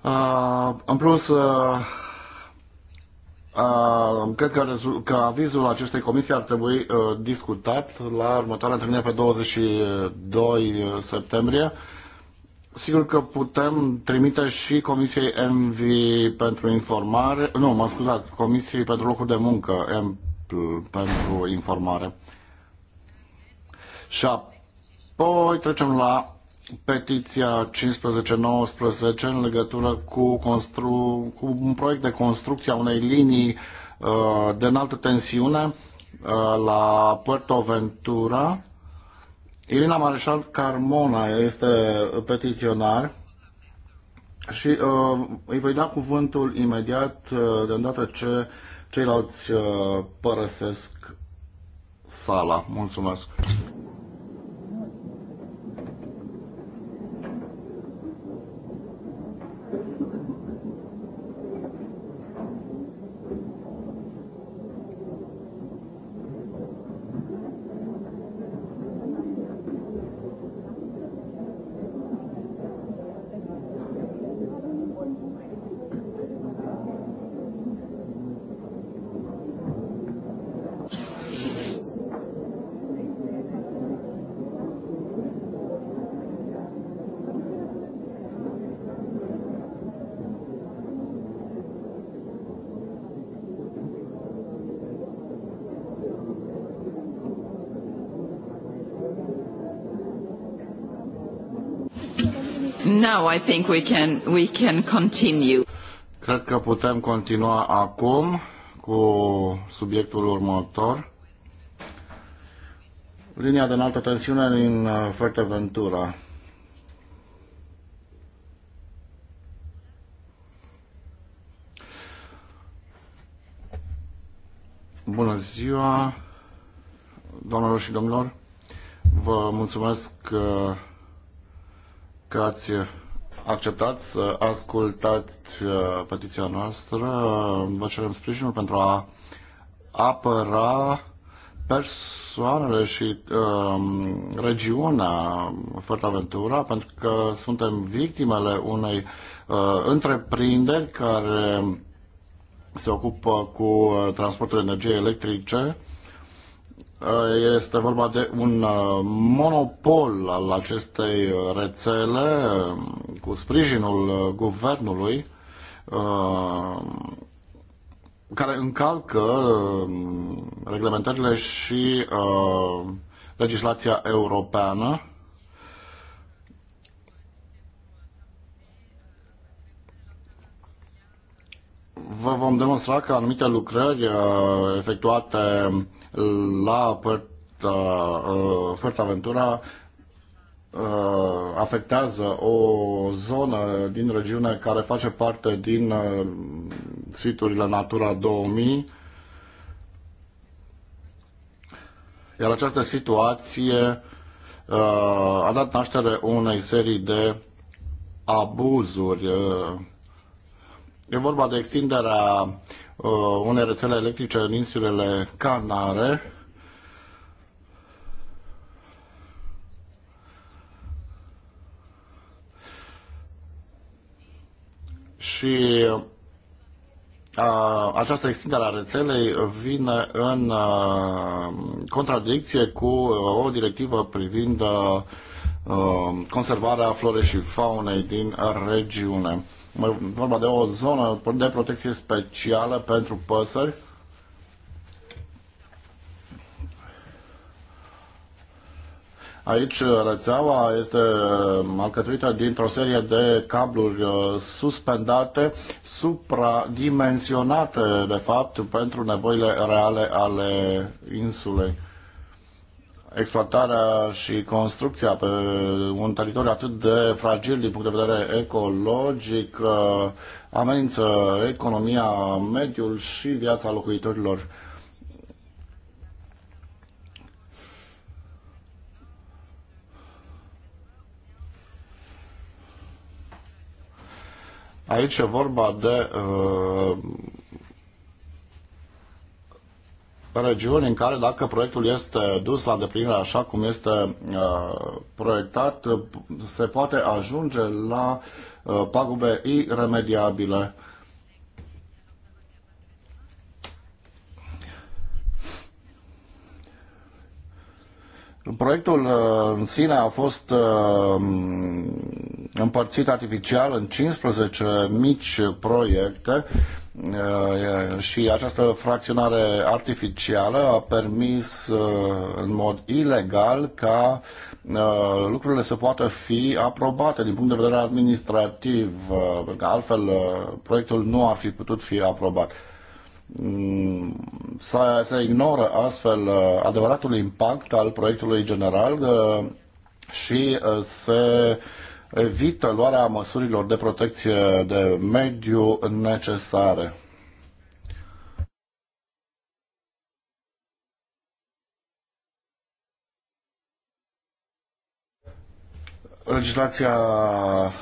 Uh, în plus, uh, Cred că, că avizul acestei comisii ar trebui uh, discutat la următoarea întâlnire pe 22 uh, septembrie. Sigur că putem trimite și Comisiei Envi pentru informare, nu, mă scuzați, Comisiei pentru locuri de muncă, M pentru informare. Și apoi trecem la petiția 1519 în legătură cu, constru- cu un proiect de construcție a unei linii uh, de înaltă tensiune uh, la Puerto Ventura. Irina Mareșal Carmona este petiționar și uh, îi voi da cuvântul imediat uh, de îndată ce ceilalți uh, părăsesc sala. Mulțumesc! now I think we can, we can continue. Cred că putem continua acum cu subiectul următor. Linia de înaltă tensiune din uh, Fuerteventura. Bună ziua, doamnelor și domnilor. Vă mulțumesc că uh, că ați acceptat să ascultați uh, petiția noastră. Uh, vă cerem sprijinul pentru a apăra persoanele și uh, regiunea Fărtaventura, pentru că suntem victimele unei uh, întreprinderi care se ocupă cu uh, transportul energiei electrice Eh, este vorba de un eh, monopol al acestei eh, rețele cu sprijinul guvernului care încalcă reglementările și legislația europeană vă vom demonstra că anumite lucrări uh, efectuate la uh, uh, Aventura afectează o zonă din regiune care face parte din siturile Natura 2000 iar această situație a dat naștere unei serii de abuzuri E vorba de extinderea uh, unei rețele electrice în insulele Canare. Și uh, această extindere a rețelei vine în uh, contradicție cu uh, o directivă privind uh, conservarea florei și faunei din regiune vorba de o zonă de protecție specială pentru păsări. Aici rețeaua este uh, alcătuită dintr-o serie de cabluri uh, suspendate, supradimensionate, de fapt, pentru nevoile reale ale insulei exploatarea și construcția pe un teritoriu atât de fragil din punct de vedere ecologic uh, amenință economia, mediul și viața locuitorilor. Aici e vorba de uh, regiuni în care dacă proiectul este dus la îndeplinire așa cum este uh, proiectat, uh, se poate ajunge la uh, pagube iremediabile. Proiectul în sine a fost împărțit artificial în 15 mici proiecte și această fracționare artificială a permis în mod ilegal ca lucrurile să poată fi aprobate din punct de vedere administrativ, pentru că altfel proiectul nu ar fi putut fi aprobat. Mm, să, se ignoră astfel adevăratul impact al proiectului general și se evită luarea măsurilor de protecție de mediu necesare. Legislația uh,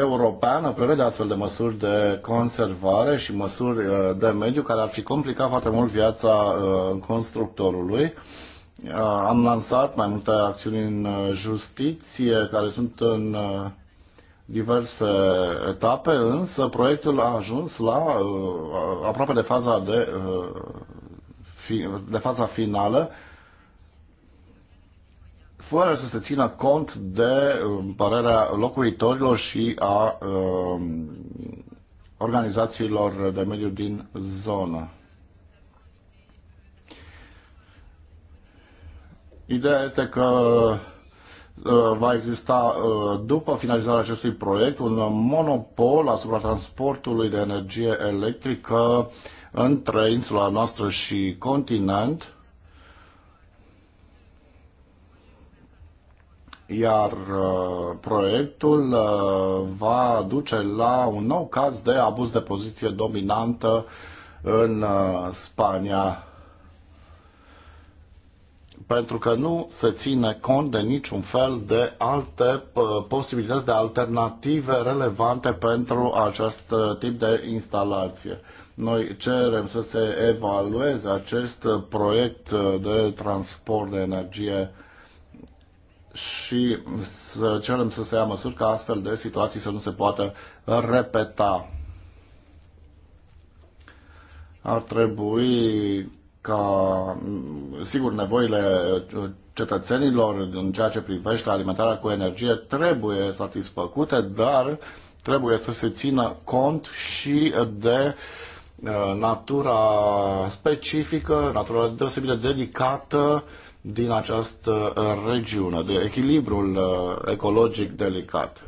europeană prevede astfel de măsuri de conservare și măsuri uh, de mediu care ar fi complicat foarte mult viața uh, constructorului. Uh, am lansat mai multe acțiuni în uh, justiție care sunt în uh, diverse etape, însă proiectul a ajuns la aproape de faza de, de faza finală fără să se țină cont de um, părerea locuitorilor și a um, organizațiilor de mediu din zonă. Ideea este că uh, va exista, uh, după finalizarea acestui proiect, un monopol asupra transportului de energie electrică între insula noastră și continent, iar uh, proiectul va duce la un nou caz de abuz de poziție dominantă în Spania pentru că nu se ține cont de niciun fel de alte posibilități de alternative relevante pentru acest uh, tip de instalație. Noi cerem să se evalueze acest uh, proiect uh, de transport de energie și să cerem să se ia măsuri ca astfel de situații să nu se poată repeta. Ar trebui ca, mm, sigur, nevoile uh, cetățenilor în ceea ce privește alimentarea cu energie trebuie satisfăcute, dar trebuie să se țină cont și de uh, natura specifică, natura deosebit de delicată din această uh, regiune, de echilibrul ecologic delicat.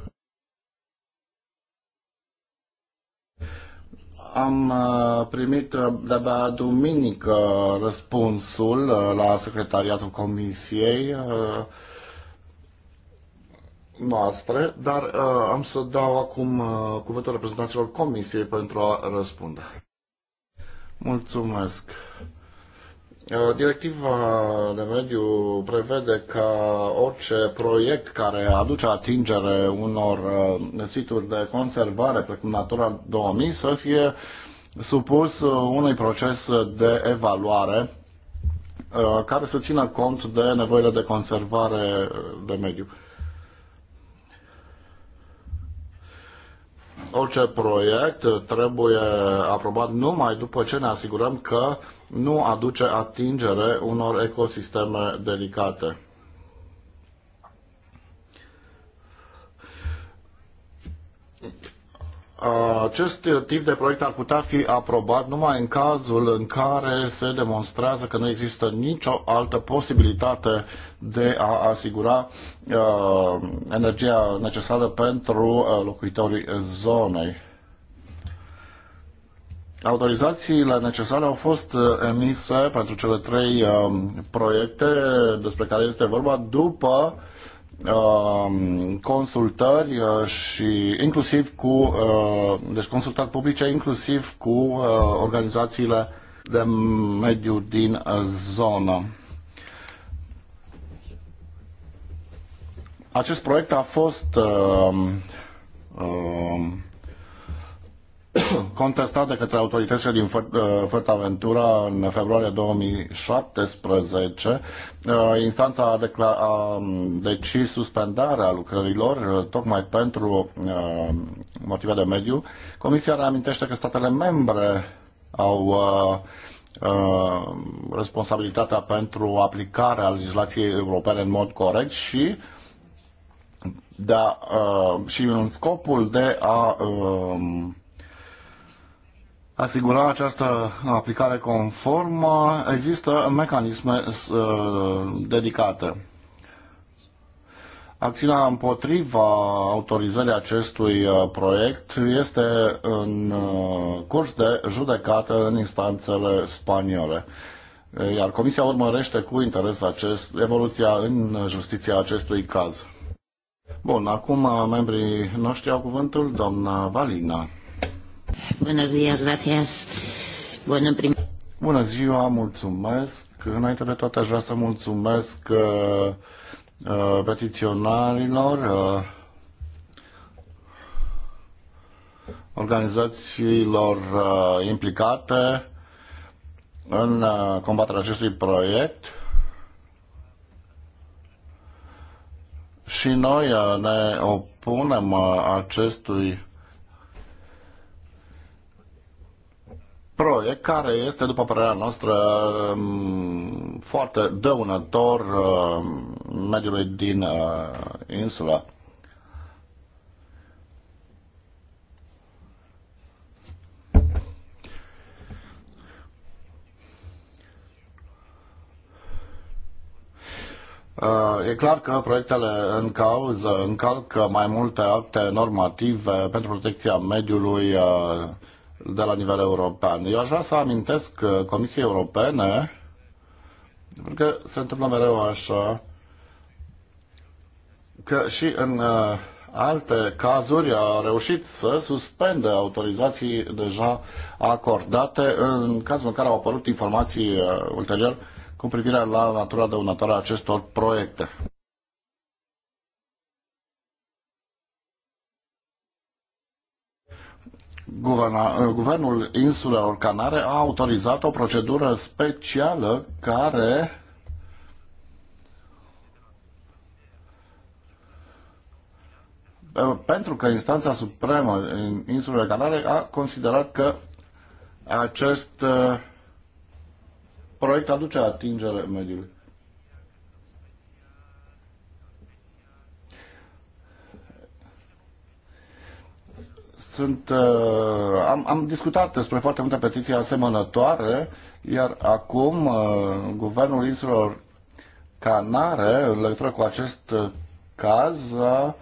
am uh, primit uh, de-abia duminică răspunsul uh, la secretariatul comisiei noastre, dar am să dau acum cuvântul reprezentanților comisiei pentru a răspunde. Mulțumesc! Directiva de mediu prevede că orice proiect care aduce atingere unor uh, situri de conservare, precum Natura 2000, să fie supus uh, unui proces de evaluare uh, care să țină cont de nevoile de conservare de mediu. orice proiect trebuie aprobat numai după ce ne asigurăm că nu aduce atingere unor ecosisteme delicate. Acest tip de proiect ar putea fi aprobat numai în cazul în care se demonstrează că nu există nicio altă posibilitate de a asigura uh, energia necesară pentru uh, locuitorii zonei. Autorizațiile necesare au fost emise pentru cele trei uh, proiecte despre care este vorba după uh, Um, consultări uh, și inclusiv cu uh, deci consultări publice inclusiv cu uh, organizațiile de mediu din zonă. Acest proiect a fost uh, uh, contestat de către autoritățile din uh, Fuerteventura în februarie 2017. Uh, instanța a, decla- a um, decis suspendarea lucrărilor uh, tocmai pentru motive de mediu. Comisia reamintește că statele membre au responsabilitatea pentru aplicarea legislației europene în mod corect și da, uh, și în scopul de a uh, asigura această aplicare conformă, există mecanisme uh, dedicate. Acțiunea împotriva autorizării acestui uh, proiect este în uh, curs de judecată în instanțele spaniole. Iar Comisia urmărește cu interes acest, evoluția în justiția acestui caz. Bun, acum membrii noștri au cuvântul, doamna Valina. Bună ziua, mulțumesc. Înainte de toate aș vrea să mulțumesc uh, uh, petiționarilor, uh, organizațiilor implicate în combaterea acestui proiect. Și noi ne opunem acestui acestui proiect care este, după părerea noastră, mm, foarte dăunător mm, mediului din uh, insulă. Uh, e clar că proiectele în cauză încalcă mai multe acte normative pentru protecția mediului uh, de la nivel european. Eu aș vrea să amintesc uh, Comisiei Europene, pentru că se întâmplă mereu așa, că și în uh, alte cazuri a reușit să suspende autorizații deja acordate în cazul în care au apărut informații uh, ulterior cu privire la natura dăunătoare a acestor proiecte. guverna, eh, Guvernul Insulelor Canare a autorizat o procedură specială care eh, pentru că instanța supremă în insulele Canare a considerat că acest eh, proiect aduce atingere mediului. sunt, uh, am, am discutat despre foarte multe petiții asemănătoare, iar acum uh, guvernul insulor Canare, în legătură cu acest uh, caz, a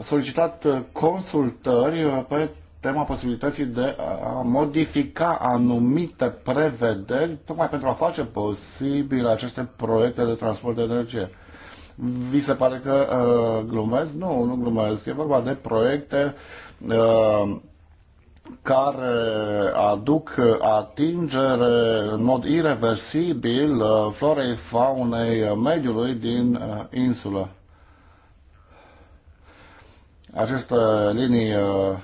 solicitat consultări pe tema posibilității de a modifica anumite prevederi, tocmai pentru a face posibil aceste proiecte de transport de energie. Vi se pare că uh, glumesc? Nu, nu glumesc. E vorba de proiecte Uh, care aduc atingere în mod irreversibil uh, florei faunei uh, mediului din insulă. Aceste linii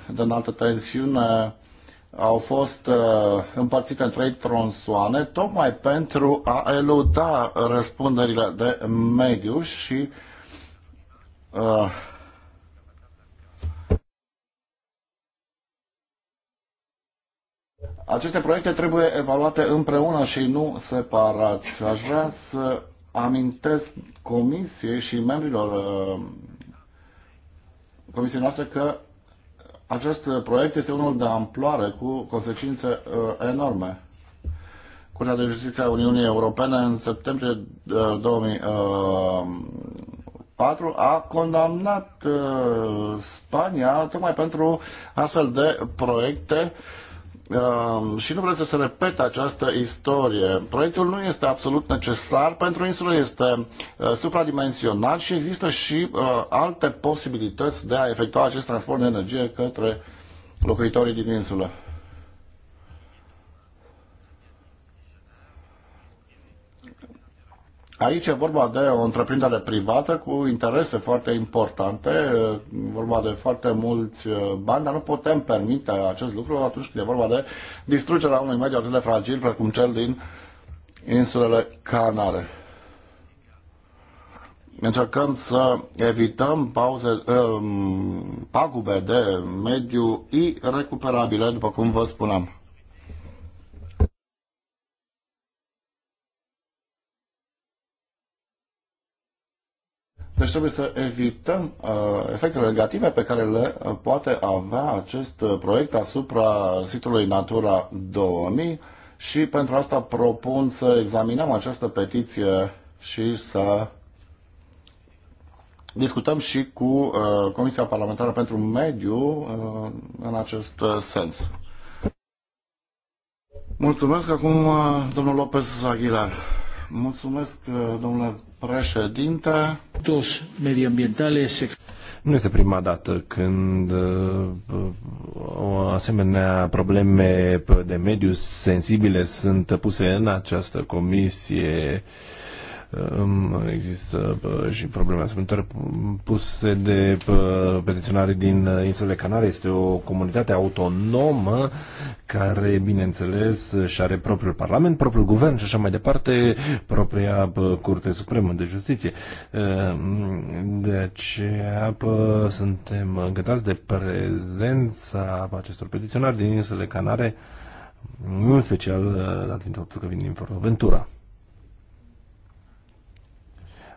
de înaltă tensiune au fost împărțite în trei tronsoane tocmai pentru a eluda răspunderile de mediu și uh, Aceste proiecte trebuie evaluate împreună și nu separat. Aș vrea să amintesc comisiei și membrilor uh, comisiei noastre că acest proiect este unul de amploare cu consecințe uh, enorme. Curtea de Justiție a Uniunii Europene în septembrie 2004 uh, a condamnat Spania tocmai pentru astfel de proiecte uh, Ehm, și nu vreau să se repete această istorie. Proiectul nu este absolut necesar pentru insulă, este supradimensionat și există și alte posibilități de a efectua acest transport de energie către locuitorii din insulă. Aici e vorba de o întreprindere privată cu interese foarte importante, vorba de foarte mulți uh, bani, dar nu putem permite acest lucru atunci când e vorba de distrugerea unui mediu atât de fragil precum cel din insulele Canare. Încercăm să evităm pauze, um, pagube de mediu irecuperabile, după cum vă spuneam. Deci trebuie să evităm uh, efectele negative pe care le uh, poate avea acest uh, proiect asupra sitului Natura 2000 și pentru asta propun să examinăm această petiție și să discutăm și cu uh, Comisia Parlamentară pentru Mediu uh, în acest uh, sens. Mulțumesc. Acum, uh, domnul Lopez Aguilar. Mulțumesc, domnule președinte. Toți mediambientale nu este prima dată când uh, o asemenea probleme de mediu sensibile sunt puse în această comisie Există și probleme asemănătoare puse de petiționari din uh, insulele Canare. Este o comunitate autonomă care, bineînțeles, și are propriul parlament, propriul guvern și așa mai departe, propria Curte Supremă de Justiție. De aceea suntem gătați de prezența acestor petiționari din insulele Canare, în special uh, dat fiind faptul că vin din Ventura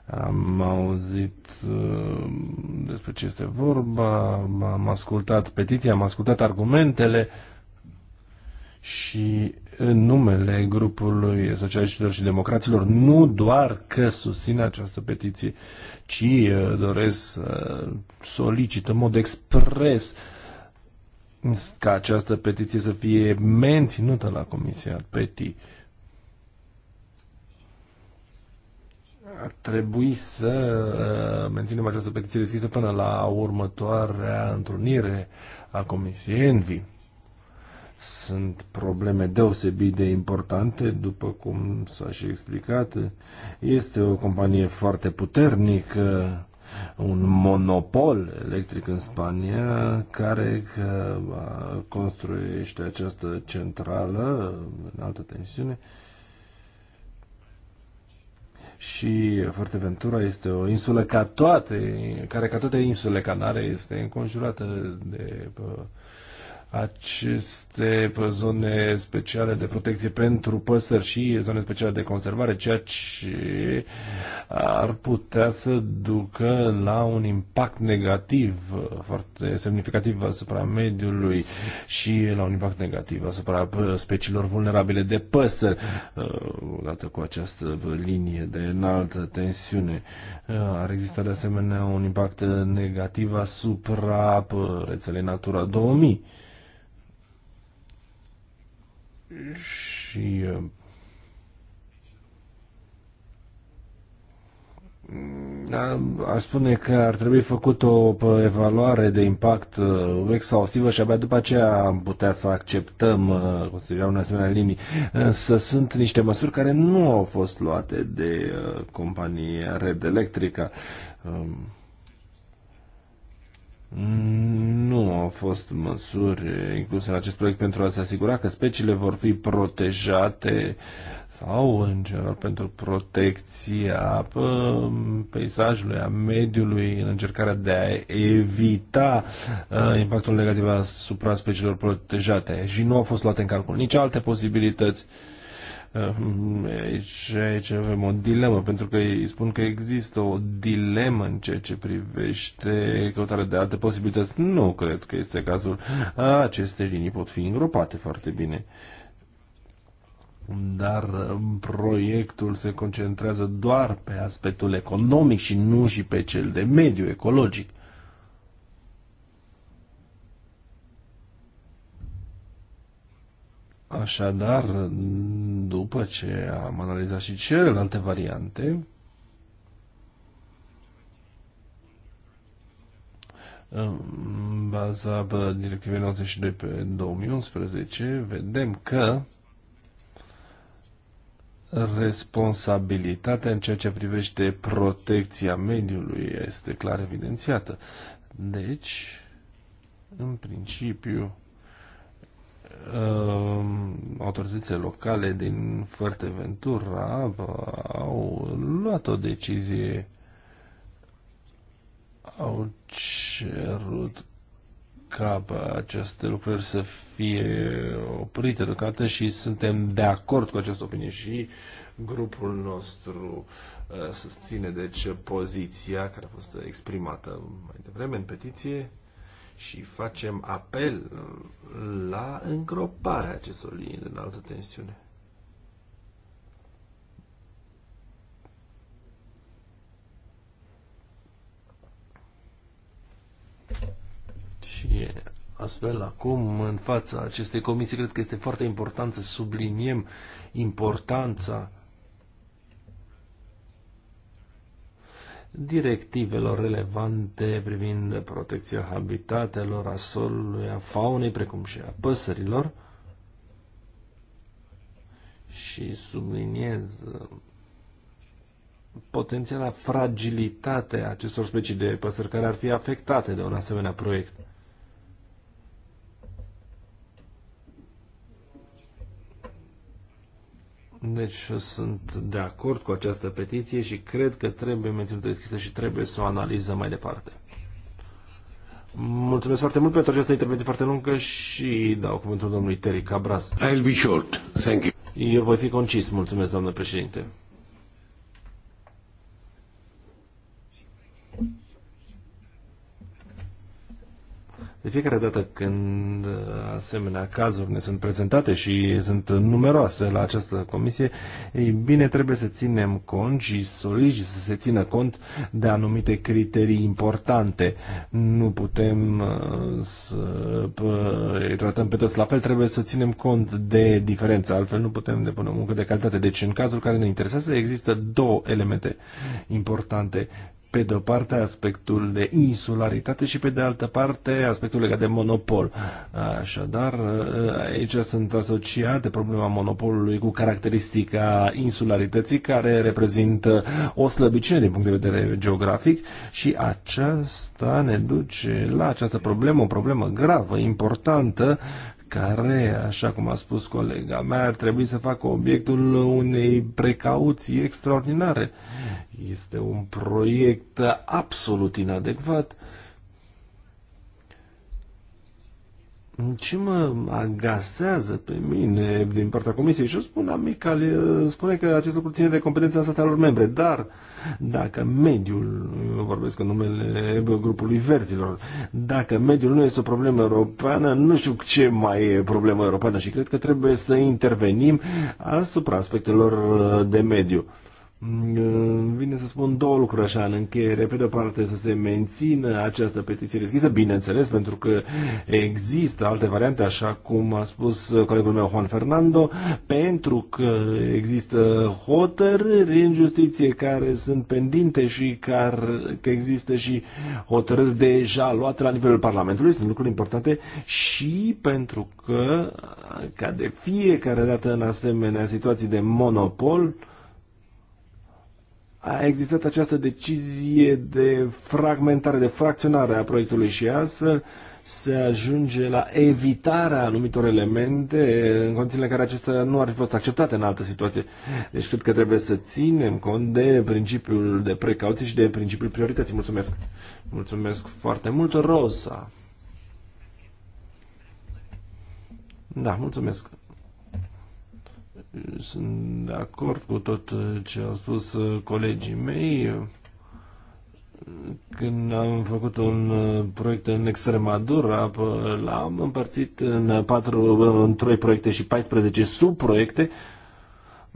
am auzit uh, despre ce este vorba, am ascultat petiția, am ascultat argumentele și în numele grupului socialiștilor și democraților nu doar că susțin această petiție, ci uh, doresc uh, solicit în mod expres ca această petiție să fie menținută la Comisia Petii ar trebui să uh, menținem această petiție deschisă până la următoarea întrunire a Comisiei Envi. Sunt probleme deosebit de importante, după cum s-a și explicat. Este o companie foarte puternică, un monopol electric în Spania care uh, construiește această centrală în altă tensiune și Forteventura este o insulă ca toate, care ca toate insulele Canare este înconjurată de uh, aceste zone speciale de protecție pentru păsări și zone speciale de conservare, ceea ce ar putea să ducă la un impact negativ foarte semnificativ asupra mediului și la un impact negativ asupra speciilor vulnerabile de păsări, uh, odată cu această linie de înaltă tensiune. Uh, ar exista de asemenea un impact negativ asupra uh, rețelei Natura 2000 și uh, a spune că ar trebui făcut o evaluare de impact uh, exhaustivă și abia după aceea am putea să acceptăm uh, considerarea unei asemenea linii. Însă sunt niște măsuri care nu au fost luate de compania Red Electrica. Nu au fost măsuri incluse în acest proiect pentru a se asigura că speciile vor fi protejate sau, în general, pentru protecția peisajului, a mediului, în încercarea de a evita ă, impactul negativ asupra speciilor protejate. Și nu au fost luate în calcul nici alte posibilități uh, Ehm, și aici avem o dilemă, pentru că îi spun că există o dilemă în ceea ce privește căutarea de alte posibilități. Nu cred că este cazul. Aceste linii pot fi îngropate foarte bine dar ehm, proiectul se concentrează doar pe aspectul economic și nu și pe cel de mediu ecologic. Așadar, după ce am analizat și celelalte variante, în baza directivei 92 pe 2011, vedem că responsabilitatea în ceea ce privește protecția mediului este clar evidențiată. Deci, în principiu, Ehm, autoritățile locale din Fuerteventura au luat o decizie au cerut ca aceste lucrări să fie oprite deocamdată și suntem de acord cu această opinie și grupul nostru eh, susține deci poziția care a fost exprimată mai devreme în petiție și facem apel uh, la îngroparea acestor linii de înaltă tensiune. Și astfel acum, în fața acestei comisii, cred că este foarte important să subliniem importanța directivelor relevante privind protecția habitatelor, a solului, a faunei, precum și a păsărilor. Și subliniez potențiala fragilitate a acestor specii de păsări care ar fi afectate de un asemenea proiect. Deci sunt de acord cu această petiție și cred că trebuie menținută deschisă și trebuie să o analizăm mai departe. Mulțumesc foarte mult pentru această intervenție foarte lungă și dau cuvântul domnului Terry Cabras. I'll be short. Thank you. Eu voi fi concis. Mulțumesc, doamnă președinte. De fiecare dată când asemenea cazuri ne sunt prezentate și sunt numeroase la această comisie, ei bine, trebuie să ținem cont și solicit să se țină cont de anumite criterii importante. Nu putem uh, să uh, îi tratăm pe toți la fel, trebuie să ținem cont de diferență, altfel nu putem depune muncă de calitate. Deci, în cazul care ne interesează, există două elemente importante pe de o parte aspectul de insularitate și pe de altă parte aspectul legat de monopol. Așadar, aici sunt asociate problema monopolului cu caracteristica insularității care reprezintă o slăbiciune din punct de vedere geografic și aceasta ne duce la această problemă, o problemă gravă, importantă, care, așa cum a spus colega mea, ar trebui să facă obiectul unei precauții extraordinare. Este un proiect absolut inadecvat ce mă agasează pe mine din partea Comisiei, și eu spun amical, spune că acest lucru ține de competența statelor membre, dar dacă mediul, eu vorbesc în numele grupului verzilor, dacă mediul nu este o problemă europeană, nu știu ce mai e problemă europeană și cred că trebuie să intervenim asupra aspectelor de mediu. Mm, uh, vine să spun două lucruri așa în încheiere. Pe de-o parte să se mențină această petiție deschisă, bineînțeles, pentru că există alte variante, așa cum a spus colegul meu Juan Fernando, pentru că există hotărâri în justiție care sunt pendinte și care, că există și hotărâri deja luate la nivelul Parlamentului, sunt lucruri importante și pentru că, ca de fiecare dată în asemenea situații de monopol, uh, a existat această decizie de fragmentare, de fracționare a proiectului și astfel se ajunge la evitarea anumitor elemente în condițiile în care acestea nu ar fi fost acceptate în altă situație. Deci cred că trebuie să ținem cont de principiul de precauție și de principiul priorității. Mulțumesc! Mulțumesc foarte mult, Rosa! Da, mulțumesc! Sunt de acord cu tot uh, ce au spus uh, colegii mei. Când am făcut un uh, proiect în Extremadura, l-am împărțit în, patru, în 3 proiecte și 14 subproiecte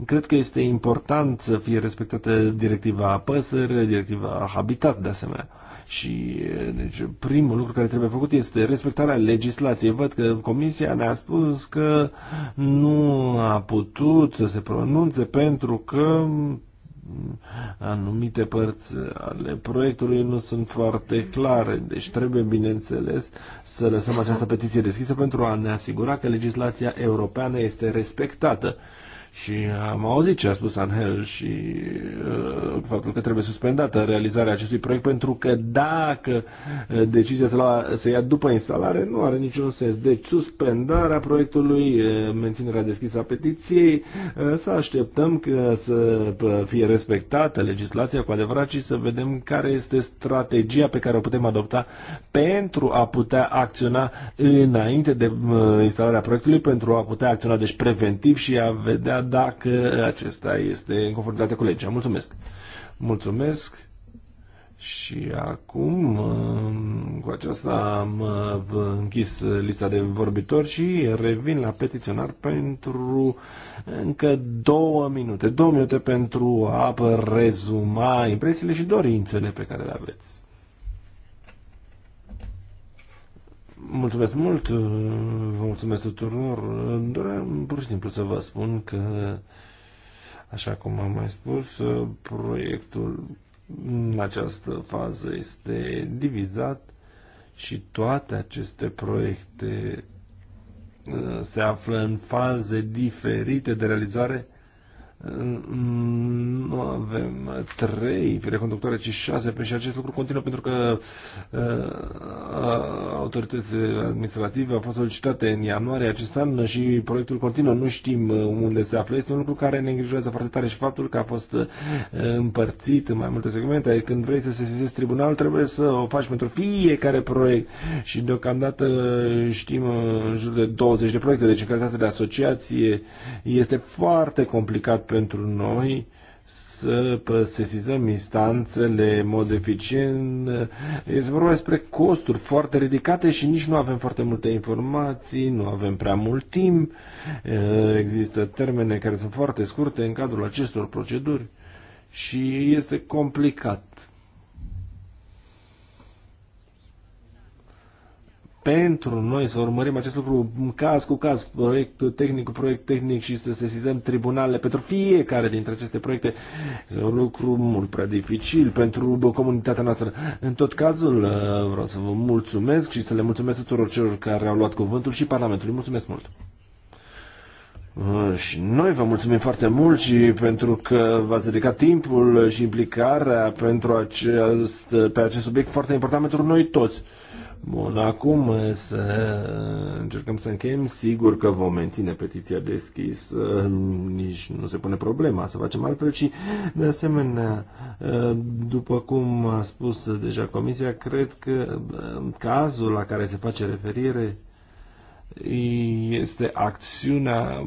Cred că este important să fie respectată directiva păsări, directiva habitat de asemenea. Și deci, primul lucru care trebuie făcut este respectarea legislației. Văd că Comisia ne-a spus că nu a putut să se pronunțe pentru că anumite părți ale proiectului nu sunt foarte clare. Deci trebuie, bineînțeles, să lăsăm această petiție deschisă pentru a ne asigura că legislația europeană este respectată și am auzit ce a spus Anhel și uh, faptul că trebuie suspendată realizarea acestui proiect pentru că dacă uh, decizia se, lua, se ia după instalare nu are niciun sens. Deci suspendarea proiectului, uh, menținerea deschisă a petiției, uh, să așteptăm că să uh, fie respectată legislația cu adevărat și să vedem care este strategia pe care o putem adopta pentru a putea acționa înainte de uh, instalarea proiectului, pentru a putea acționa deci preventiv și a vedea dacă acesta este în conformitate cu legea. Mulțumesc! Mulțumesc! Și acum, uh, cu aceasta am uh, închis lista de vorbitori și revin la petiționar pentru încă două minute. Două minute pentru a rezuma impresiile și dorințele pe care le aveți. Mulțumesc mult, vă mulțumesc tuturor. Doream pur și simplu să vă spun că, așa cum am mai spus, proiectul în această fază este divizat și toate aceste proiecte uh, se află în faze diferite de realizare nu avem trei fire conductoare, ci șase. Păi și acest lucru continuă pentru că uh, autoritățile administrative au fost solicitate în ianuarie acest an și proiectul continuă. Nu știm uh, unde se află. Este un lucru care ne îngrijorează foarte tare și faptul că a fost uh, împărțit în mai multe segmente. Când vrei să sesizezi tribunal, trebuie să o faci pentru fiecare proiect și deocamdată știm în jur de 20 de proiecte, deci în calitate de asociație este foarte complicat pentru noi să sesizăm instanțele în mod eficient. Este vorba despre costuri foarte ridicate și nici nu avem foarte multe informații, nu avem prea mult timp. Există termene care sunt foarte scurte în cadrul acestor proceduri și este complicat pentru noi să urmărim acest lucru caz cu caz, proiect tehnic cu proiect tehnic și să sesizăm tribunale pentru fiecare dintre aceste proiecte. Este un lucru mult prea dificil pentru comunitatea noastră. În tot cazul, uh, vreau să vă mulțumesc și să le mulțumesc tuturor celor care au luat cuvântul și Parlamentului. Mulțumesc mult! Uh, și noi vă mulțumim foarte mult și pentru că v-ați dedicat timpul și implicarea pentru acest, pe acest subiect foarte important pentru noi toți. Bun, acum să încercăm să încheiem. Sigur că vom menține petiția deschisă, nici nu se pune problema să facem altfel și, de asemenea, după cum a spus deja Comisia, cred că cazul la care se face referire este acțiunea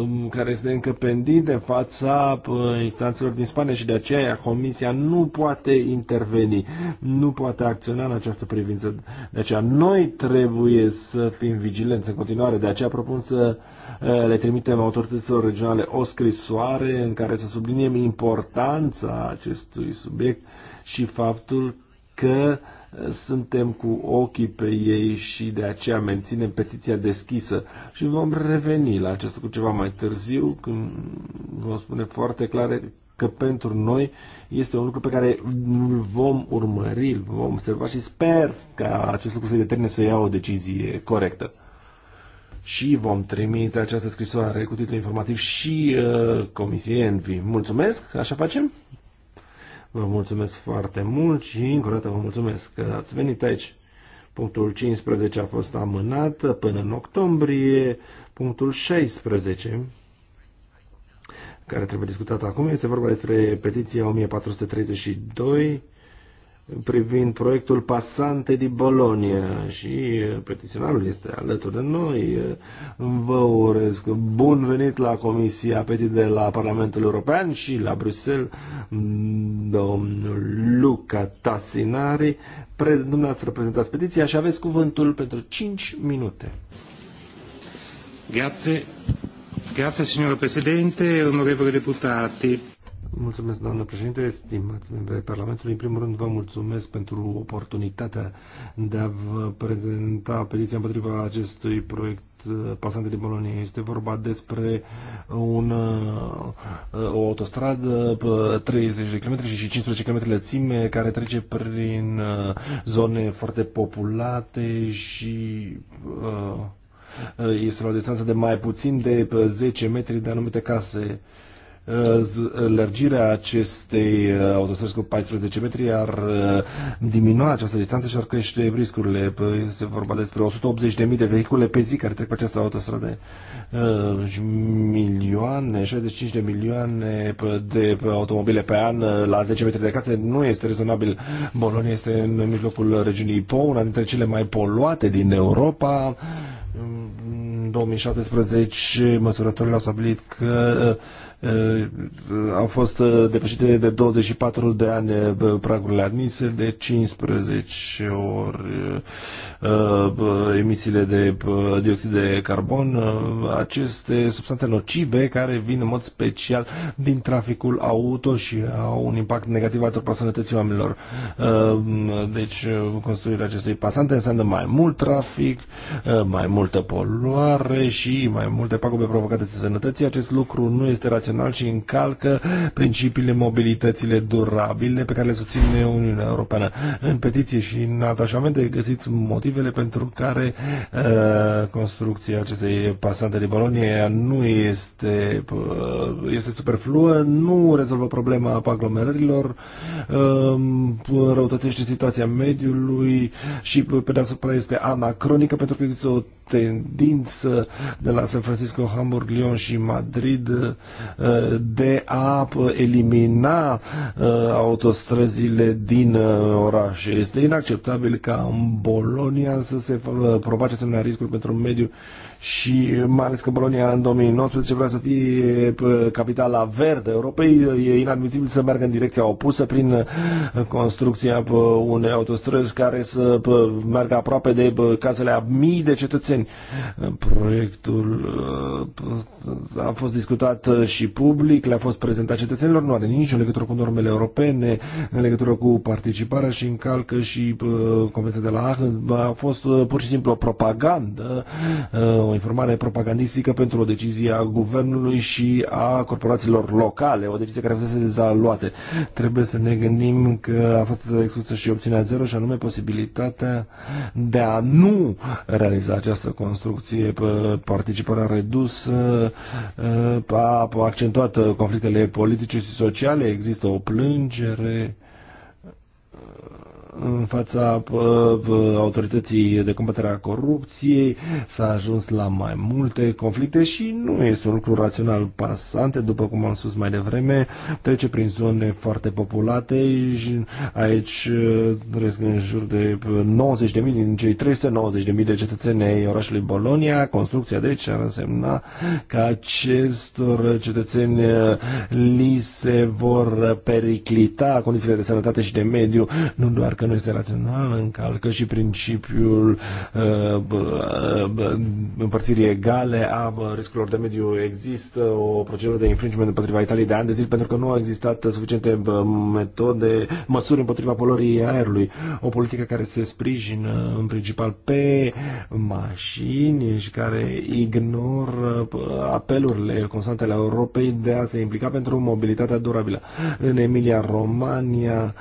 uh, care este încă pendită în fața uh, instanțelor din Spania și de aceea Comisia nu poate interveni, nu poate acționa în această privință. De aceea noi trebuie să fim vigilenți în continuare, de aceea propun să uh, le trimitem autorităților regionale o scrisoare în care să subliniem importanța acestui subiect și faptul că uh, suntem cu ochii pe ei și de aceea menținem petiția deschisă și vom reveni la acest lucru ceva mai târziu când vom spune foarte clar că pentru noi este un lucru pe care îl vom urmări, îl vom observa și sper ca acest lucru să-i determine să ia o decizie corectă și vom trimite această scrisoare cu titlu informativ și uh, Comisiei Envi. Mulțumesc, așa facem? Vă mulțumesc foarte mult și încă o dată vă mulțumesc că ați venit aici. Punctul 15 a fost amânat până în octombrie. Punctul 16 care trebuie discutat acum este vorba despre petiția 1432 privind proiectul Pasante di Bologna și uh, petiționarul este alături de noi. Uh, vă urez bun venit la Comisia Peti de la Parlamentul European și la Bruxelles, domnul Luca Tassinari. Pre- dumneavoastră prezentați petiția și aveți cuvântul pentru 5 minute. Grazie. Grazie signor Presidente, onorevoli deputati. Mulțumesc, doamnă președinte, stimați membri ai Parlamentului. În primul rând, vă mulțumesc pentru oportunitatea de a vă prezenta petiția împotriva acestui proiect uh, pasante de Bolonia. Este vorba despre un, uh, o autostradă 30 de km și 15 km lățime care trece prin uh, zone foarte populate și este la o distanță de mai puțin de 10 metri de anumite case Uh, lărgirea acestei uh, autostrăzi cu 14 metri ar uh, diminua această distanță și ar crește riscurile. Păi, este vorba despre 180.000 de vehicule pe zi care trec pe această autostradă. Milioane, 65 de milioane de automobile pe an la 10 metri de casă nu este rezonabil. Bolonia este în mijlocul regiunii Po, una dintre cele mai poluate din Europa. În 2017 măsurătorile au stabilit că uh, Uh, au fost uh, depășite de 24 de ani uh, pragurile admise, de 15 ori emisiile de dioxid de carbon, aceste substanțe nocive care vin în mod special din traficul auto și au un impact negativ asupra sănătății oamenilor. Deci construirea acestui pasant înseamnă mai mult trafic, mai multă poluare și mai multe pagube provocate de sănătății. Acest lucru nu este rațional internațional și încalcă principiile mobilitățile durabile pe care le susține Uniunea Europeană. În petiție și în atașamente găsiți motivele pentru care uh, construcția acestei pasante de Bolonia nu este, uh, este superfluă, nu rezolvă problema aglomerărilor, uh, um, răutățește situația mediului și uh, pe deasupra este anacronică pentru că există o tendință de la San Francisco, Hamburg, Lyon și Madrid uh, de a uh, elimina uh, autostrăzile din oraș. Este inacceptabil ca în Bolonia să se provoace asemenea riscuri pentru mediu și mai ales că Bolonia în 2019 vrea să fie capitala verde Europei. E inadmisibil să meargă în direcția opusă prin construcția unei autostrăzi care să meargă aproape de casele a mii de cetățeni cetățeni. Proiectul uh, a fost discutat uh, și public, le-a fost prezentat cetățenilor, nu are nicio legătură cu normele europene, în legătură cu participarea și încalcă și uh, Convenția de la AH. A fost pur și simplu o propagandă, o informare propagandistică pentru o decizie a guvernului și a corporațiilor locale, o decizie care a fost dezaluată. Trebuie să ne gândim că a fost exclusă și opțiunea zero și anume posibilitatea de a nu realiza această această construcție, participarea redusă a accentuat conflictele politice și sociale, există o plângere în fața autorității de combatere a corupției, s-a ajuns la mai multe conflicte și nu este un lucru rațional. Pasante, după cum am spus mai devreme, trece prin zone foarte populate și aici uh, trăiesc în jur de 90.000 din cei 390.000 de cetățeni ai orașului Bolonia. Construcția deci ar însemna că acestor cetățeni uh, li se vor periclita condițiile de sănătate și de mediu, nu doar că nu este rațional, încalcă și principiul uh, împărțirii egale a riscurilor de mediu. Există o procedură de infringement împotriva Italiei de ani de zile pentru că nu au existat suficiente metode, măsuri împotriva polorii aerului. O politică care se sprijină în principal pe mașini și care ignor apelurile constante ale Europei de a se implica pentru mobilitatea durabilă. În Emilia românia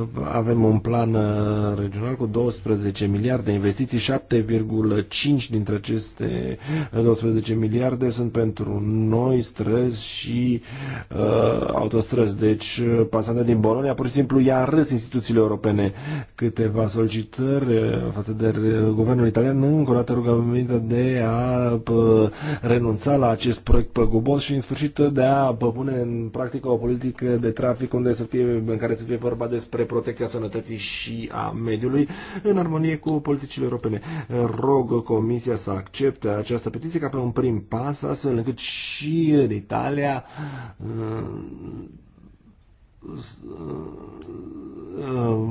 uh, avem un plan plan uh, regional cu 12 miliarde investiții, 7,5 dintre aceste 12 uh, miliarde sunt pentru noi străzi și uh, autostrăzi. Deci uh, pasantea din Bolonia pur și simplu i-a râs instituțiile europene câteva solicitări față de guvernul italian, încă o dată rugămintea de a renunța la acest proiect păgubos și în sfârșit de a pune în practică o politică de trafic unde să fie, în care să fie vorba despre protecția sănătății și a mediului în armonie cu politicile europene. Rog Comisia să accepte această petiție ca pe un prim pas, astfel încât și în Italia Uh, uh,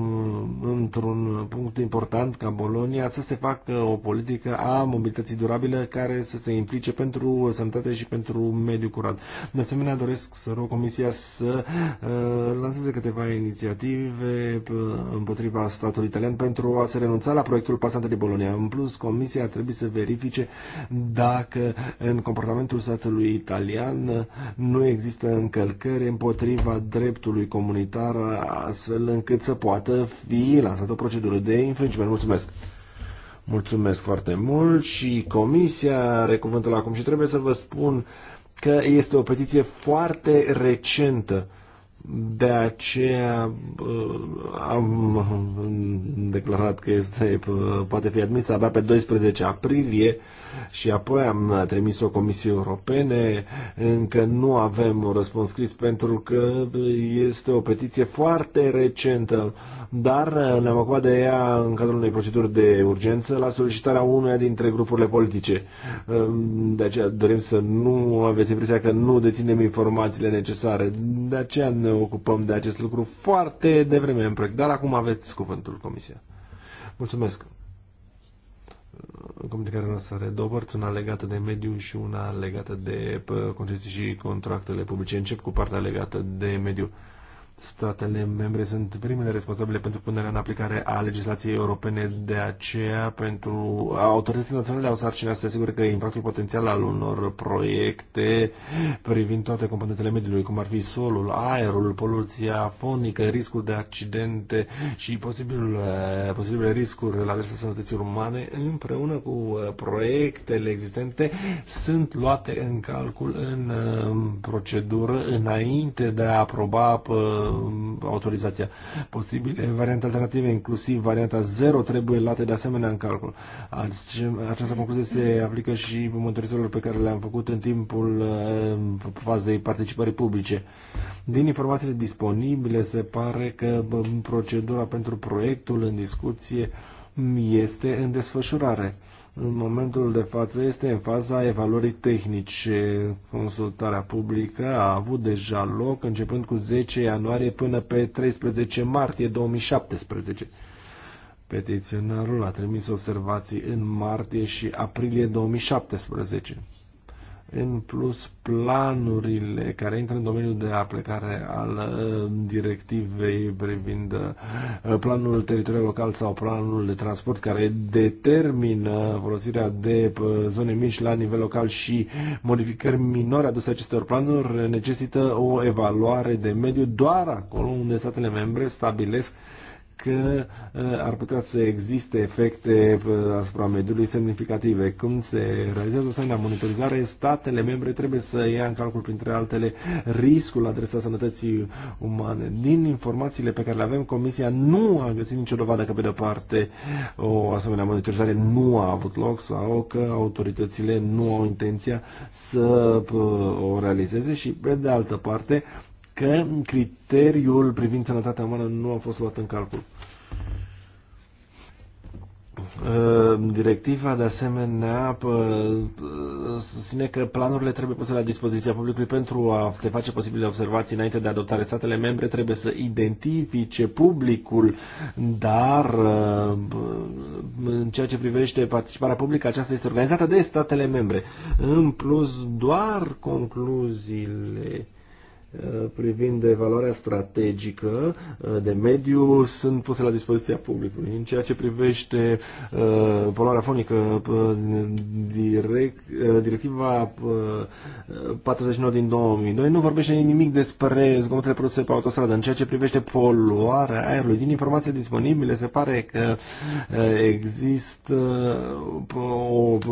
într-un punct important ca Bolonia să se facă o politică a mobilității durabile care să se implice pentru sănătate și pentru mediul curat. De asemenea, doresc să rog Comisia să uh, lanseze câteva inițiative împotriva statului italian pentru a se renunța la proiectul pasant de Bolonia. În plus, Comisia trebuie să verifice dacă în comportamentul statului italian nu există încălcări împotriva dreptului dreptului comunitar astfel încât să poată fi lansată o procedură de infringement. Mulțumesc! Mulțumesc foarte mult și comisia are cuvântul acum și trebuie să vă spun că este o petiție foarte recentă. De aceea uh, am uh, declarat că este, uh, poate fi admisă abia pe 12 aprilie și apoi am trimis-o Comisiei Europene. Încă nu avem un răspuns scris pentru că este o petiție foarte recentă, dar ne-am ocupat de ea în cadrul unei proceduri de urgență la solicitarea unuia dintre grupurile politice. De aceea dorim să nu aveți impresia că nu deținem informațiile necesare. De aceea ne ocupăm de acest lucru foarte devreme în proiect. Dar acum aveți cuvântul, Comisia. Mulțumesc comunicarea noastră are două părți, una legată de mediu și una legată de uh, concesii și contractele publice. Încep cu partea legată de mediu. Uh, statele membre sunt primele responsabile pentru punerea în aplicare a legislației europene, de aceea pentru autoritățile naționale au sarcina să se asigure că impactul potențial al unor proiecte privind toate componentele mediului, cum ar fi solul, aerul, poluția fonică, riscul de accidente și posibil, eh, posibile riscuri la adresa sănătății umane, împreună cu eh, proiectele existente, sunt luate în calcul în eh, procedură înainte de a aproba Uh, autorizația. Posibile variante alternative, inclusiv varianta 0, trebuie luate de asemenea în calcul. Această concluzie se aplică și monitorizărilor pe care le-am făcut în timpul uh, fazei participării publice. Din informațiile disponibile, se pare că procedura pentru proiectul în discuție este în desfășurare în momentul de față este în faza evaluării tehnice. Consultarea publică a avut deja loc începând cu 10 ianuarie până pe 13 martie 2017. Petiționarul a trimis observații în martie și aprilie 2017. În plus, planurile care intră în domeniul de aplicare al uh, directivei privind uh, planul teritorial local sau planul de transport care determină folosirea de uh, zone mici la nivel local și modificări minore aduse acestor planuri necesită o evaluare de mediu doar acolo unde statele membre stabilesc că uh, ar putea să existe efecte uh, asupra mediului semnificative. Când se realizează o asemenea monitorizare, statele membre trebuie să ia în calcul, printre altele, riscul adresat sănătății umane. Din informațiile pe care le avem, Comisia nu a găsit nicio dovadă că, pe de-o parte, o asemenea monitorizare nu a avut loc sau că autoritățile nu au intenția să uh, o realizeze și, pe de altă parte, că criteriul privind sănătatea umană nu a fost luat în calcul. Ehm, directiva, de asemenea, susține că planurile trebuie puse la dispoziția publicului pentru a se face posibile observații înainte de adoptare. Statele membre trebuie să identifice publicul, dar ehm, în ceea ce privește participarea publică, aceasta este organizată de statele membre. În plus, doar concluziile Uh, privind evaluarea strategică uh, de mediu sunt puse la dispoziția publicului. În ceea ce privește uh, evaluarea fonică, direct, directiva 49 din 2002 nu vorbește nimic despre zgomotele produse pe autostradă. În ceea ce privește poluarea aerului, din informații disponibile se pare că există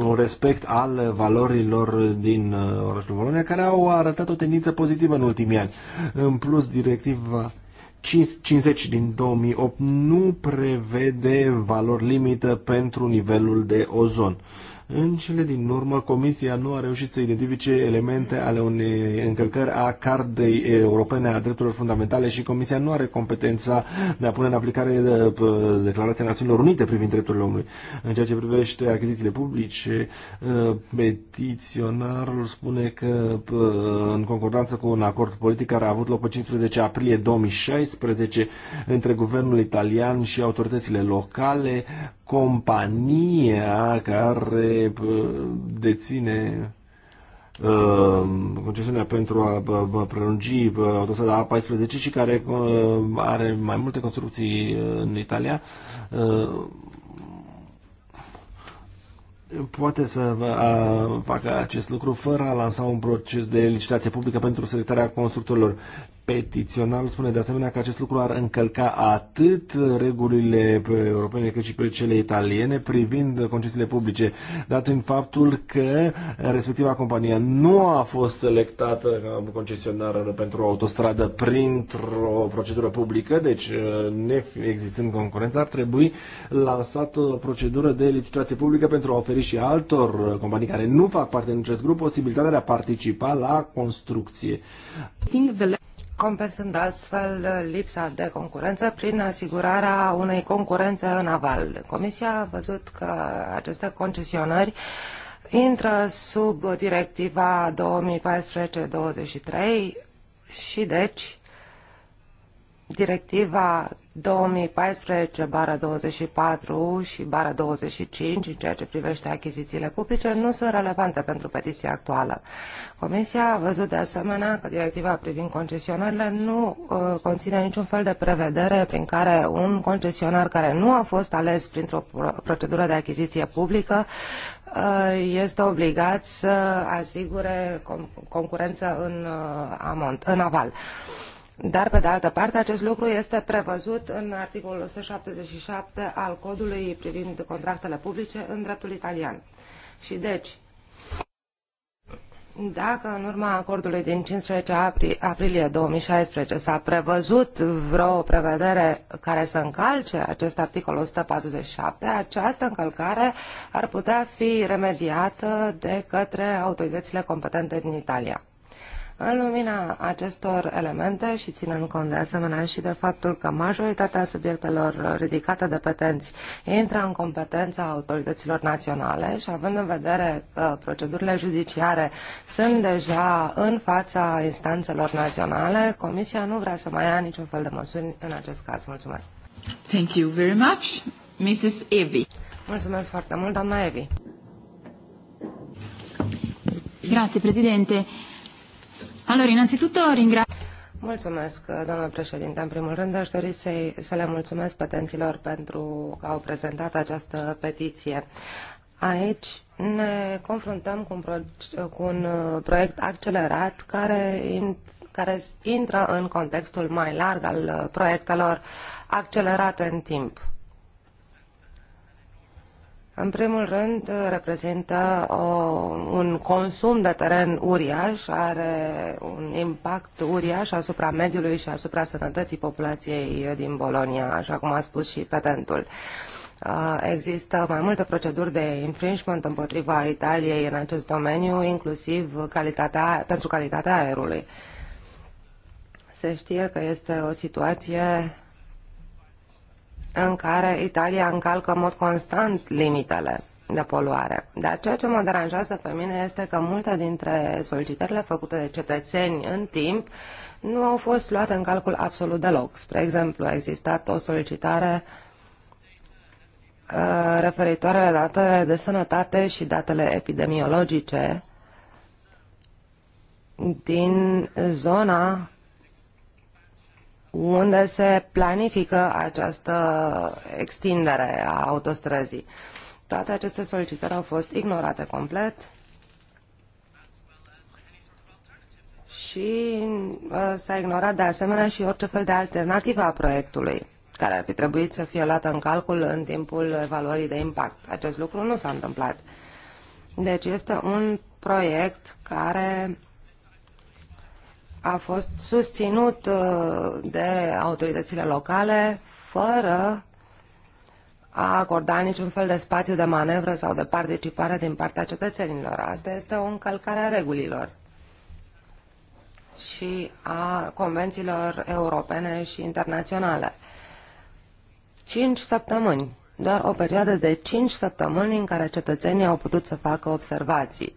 un respect al valorilor din orașul Volonia care au arătat o tendință pozitivă în ultimii ultimii ani. În plus, directiva 50 din 2008 nu prevede valori limită pentru nivelul de ozon. În cele din urmă, Comisia nu a reușit să identifice elemente ale unei încălcări a Cardei Europene a Drepturilor Fundamentale și Comisia nu are competența de a pune în aplicare Declarația Națiunilor Unite privind drepturile omului. În ceea ce privește achizițiile publice, ă, petiționarul spune că în concordanță cu un acord politic care a avut loc pe 15 aprilie 2016 între guvernul italian și autoritățile locale, compania care uh, deține uh, concesiunea pentru a uh, prelungi autostrada A14 și care are mai multe construcții în Italia poate să facă acest lucru fără a lansa un proces de licitație publică pentru selectarea constructorilor. Petițional spune de asemenea că acest lucru ar încălca atât regulile europene cât și pe cele italiene privind concesiile publice, dat în faptul că respectiva companie nu a fost selectată ca concesionară pentru o autostradă printr-o procedură publică, deci uh, existând concurență, ar trebui lansat o procedură de licitație publică pentru a oferi și altor uh, companii care nu fac parte din acest grup posibilitatea de a participa la construcție compensând astfel lipsa de concurență prin asigurarea unei concurențe în aval. Comisia a văzut că aceste concesionări intră sub directiva 2014-23 și deci Directiva 2014-24 și bară 25 în ceea ce privește achizițiile publice nu sunt relevante pentru petiția actuală. Comisia a văzut de asemenea că directiva privind concesionările nu uh, conține niciun fel de prevedere prin care un concesionar care nu a fost ales printr-o procedură de achiziție publică uh, este obligat să asigure concurență în, uh, amont, în aval. Dar, pe de altă parte, acest lucru este prevăzut în articolul 177 al codului privind contractele publice în dreptul italian. Și deci, dacă în urma acordului din 15 apri, aprilie 2016 s-a prevăzut vreo prevedere care să încalce acest articol 147, această încălcare ar putea fi remediată de către autoritățile competente din Italia. În lumina acestor elemente și ținând cont de asemenea și de faptul că majoritatea subiectelor ridicate de petenți intră în competența autorităților naționale și având în vedere că procedurile judiciare sunt deja în fața instanțelor naționale, Comisia nu vrea să mai ia niciun fel de măsuri în acest caz. Mulțumesc! Thank you very much, Mrs. Evi. Mulțumesc foarte mult, doamna Evi. Grazie, Presidente. Allora, innanzitutto ringrazio... Mulțumesc, doamnă președinte. În primul rând, aș dori să, să le mulțumesc petenților pentru că au prezentat această petiție. Aici ne confruntăm cu un, pro, cu un uh, proiect accelerat care, in, care intră în contextul mai larg al uh, proiectelor accelerate în timp. În primul rând, uh, reprezintă o, uh, un consum de teren uriaș, are un impact uriaș asupra mediului și asupra sănătății populației uh, din Bolonia, așa cum a spus și petentul. Există mai multe proceduri de infringement împotriva Italiei în acest domeniu, inclusiv calitatea, pentru calitatea aerului. Se știe că este o situație în care Italia încalcă în mod constant limitele de poluare. Dar ceea ce mă deranjează pe mine este că multe dintre solicitările făcute de cetățeni în timp nu au fost luate în calcul absolut deloc. Spre exemplu, a existat o solicitare uh, referitoare la datele de sănătate și datele epidemiologice din zona unde se planifică această extindere a autostrăzii. Toate aceste solicitări au fost ignorate complet și uh, s-a ignorat de asemenea și orice fel de alternativă a proiectului care ar fi trebuit să fie luată în calcul în timpul evaluării de impact. Acest lucru nu s-a întâmplat. Deci este un proiect care a fost susținut uh, de autoritățile locale fără a acorda niciun fel de spațiu de manevră sau de participare din partea cetățenilor. Asta este o încălcare a regulilor și a convențiilor europene și internaționale. Cinci săptămâni, doar o perioadă de cinci săptămâni în care cetățenii au putut să facă observații.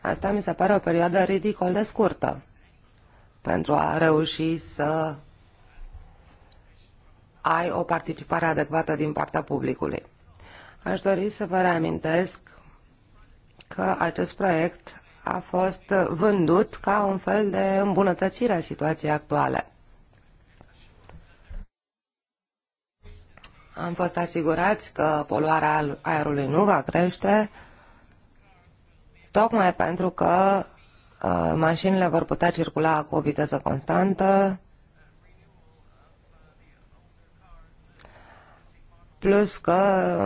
Asta mi se pare o perioadă ridicol de scurtă pentru a reuși să ai o participare adecvată din partea publicului. Aș dori să vă reamintesc că acest proiect a fost vândut ca un fel de îmbunătățire a situației actuale. Am fost asigurați că poluarea aerului nu va crește, tocmai pentru că mașinile vor putea circula cu o viteză constantă, plus că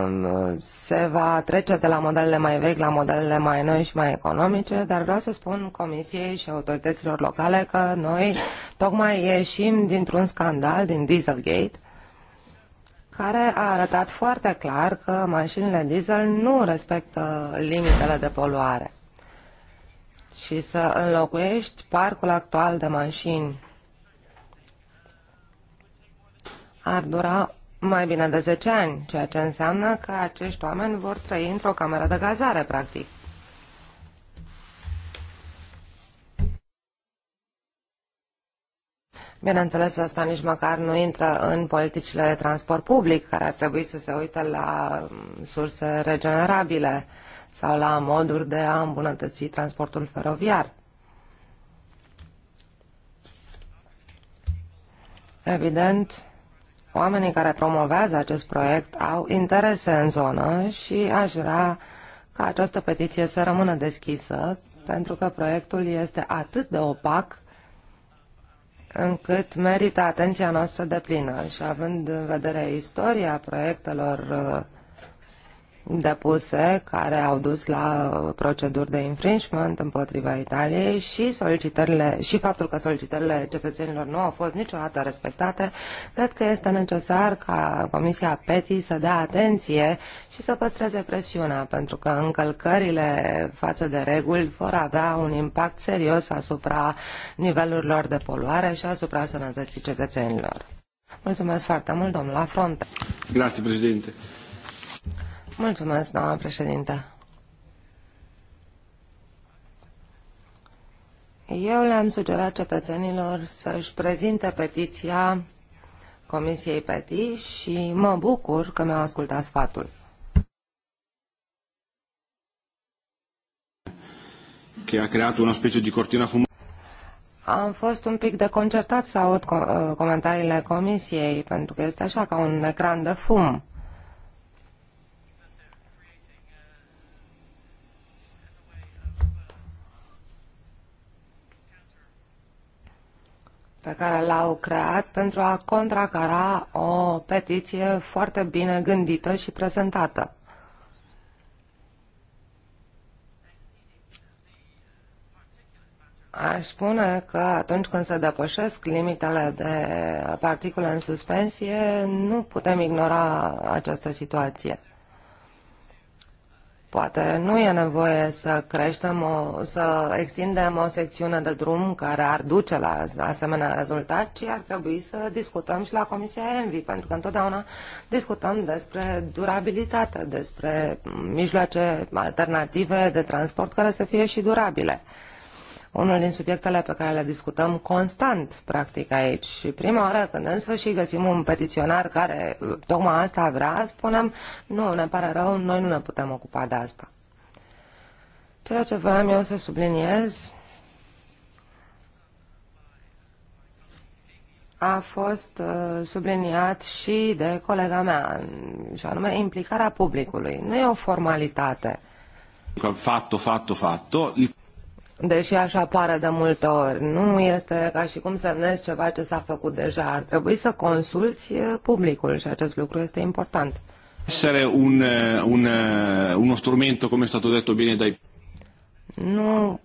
um, se va trece de la modelele mai vechi la modelele mai noi și mai economice, dar vreau să spun Comisiei și autorităților locale că noi tocmai ieșim dintr-un scandal din Dieselgate, care a arătat foarte clar că mașinile diesel nu respectă limitele de poluare și să înlocuiești parcul actual de mașini ar dura mai bine de 10 ani, ceea ce înseamnă că acești oameni vor trăi într-o cameră de gazare, practic. Bineînțeles, asta nici măcar nu intră în politicile de transport public, care ar trebui să se uite la mm, surse regenerabile sau la moduri de a îmbunătăți transportul feroviar. Evident, oamenii care promovează acest proiect au interese în zonă și aș vrea ca această petiție să rămână deschisă, pentru că proiectul este atât de opac încât merită atenția noastră de plină. Și având în vedere istoria proiectelor uh, depuse care au dus la proceduri de infringement împotriva Italiei și solicitările și faptul că solicitările cetățenilor nu au fost niciodată respectate, cred că este necesar ca Comisia PETI să dea atenție și să păstreze presiunea, pentru că încălcările față de reguli vor avea un impact serios asupra nivelurilor de poluare și asupra sănătății cetățenilor. Mulțumesc foarte mult, domnul Afronte. Grazie, președinte. Mulțumesc, doamna președinte. Eu le-am sugerat cetățenilor să-și prezinte petiția Comisiei PETI și mă bucur că mi-au ascultat sfatul. Che a creat una specie de cortina Am fost un pic deconcertat să aud uh, comentariile Comisiei, pentru că este așa ca un ecran de fum. pe care l-au creat pentru a contracara o petiție foarte bine gândită și prezentată. Aș spune că atunci când se depășesc limitele de particule în suspensie, nu putem ignora această situație. Poate nu e nevoie să creștem, o, să extindem o secțiune de drum care ar duce la asemenea rezultat, ci ar trebui să discutăm și la Comisia ENVI, pentru că întotdeauna discutăm despre durabilitate, despre mijloace alternative de transport care să fie și durabile. Uh, unul din subiectele pe care le discutăm constant, practic, aici. Și prima oară când în sfârșit găsim un petiționar care uh, tocmai asta vrea, spunem, nu, ne pare rău, noi nu ne putem ocupa de asta. Ceea ce voiam eu să subliniez a fost uh, subliniat și de colega mea, și anume implicarea publicului. Nu e o formalitate. Fatto, fatto, fatto deși așa pare de multe ori. Nu este ca și cum semnezi ceva ce s-a făcut deja. Ar trebui să consulți eh, publicul și acest lucru este important. Essere un, eh, un, eh, uno strumento, come è stato detto bine dai... Nu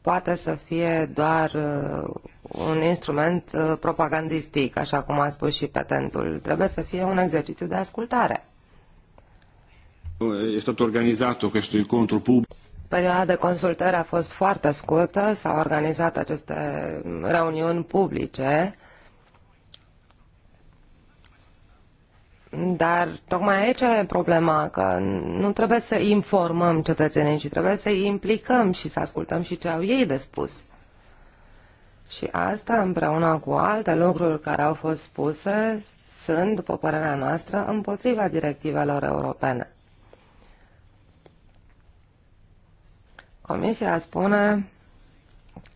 poate să fie doar un instrument propagandistic, așa cum a spus și patentul. Trebuie să fie un exercițiu de ascultare. Este stato organizzato questo incontro pubblico Perioada de consultări a fost foarte scurtă, s-au organizat aceste reuniuni publice, dar tocmai aici e problema, că nu trebuie să informăm cetățenii, ci trebuie să îi implicăm și să ascultăm și ce au ei de spus. Și asta, împreună cu alte lucruri care au fost spuse, sunt, după părerea noastră, împotriva directivelor europene. Comisia spune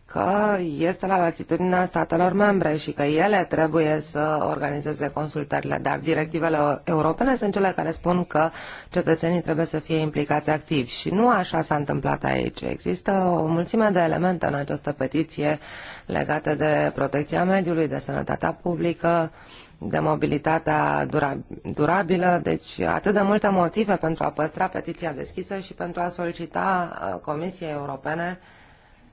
că este la latitudinea statelor membre și că ele trebuie să organizeze consultările, dar directivele europene sunt cele care spun că cetățenii trebuie să fie implicați activ și nu așa s-a întâmplat aici. Există o mulțime de elemente în această petiție legate de protecția mediului, de sănătatea publică, uh, de mobilitatea durabilă, deci atât de multe motive pentru a păstra petiția deschisă și pentru a solicita uh, Comisiei Europene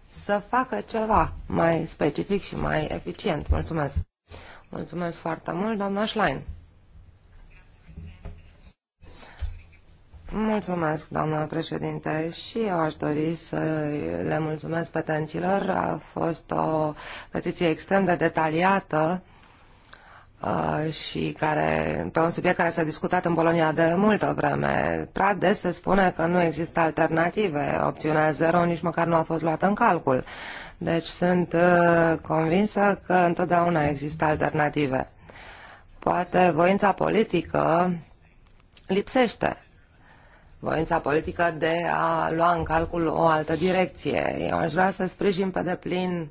să facă ceva mai specific și mai eficient. Mulțumesc! Mulțumesc foarte mult, doamna Schlein! Mulțumesc, doamna președinte, și eu aș dori să le mulțumesc petenților. A fost o petiție extrem de detaliată Uh, și care, pe un subiect care s-a discutat în Polonia de multă vreme. Prea des se spune că nu există alternative. Opțiunea zero nici măcar nu a fost luată în calcul. Deci sunt uh, convinsă că întotdeauna există alternative. Poate voința politică lipsește. Voința politică de a lua în calcul o altă direcție. Eu aș vrea să sprijin pe deplin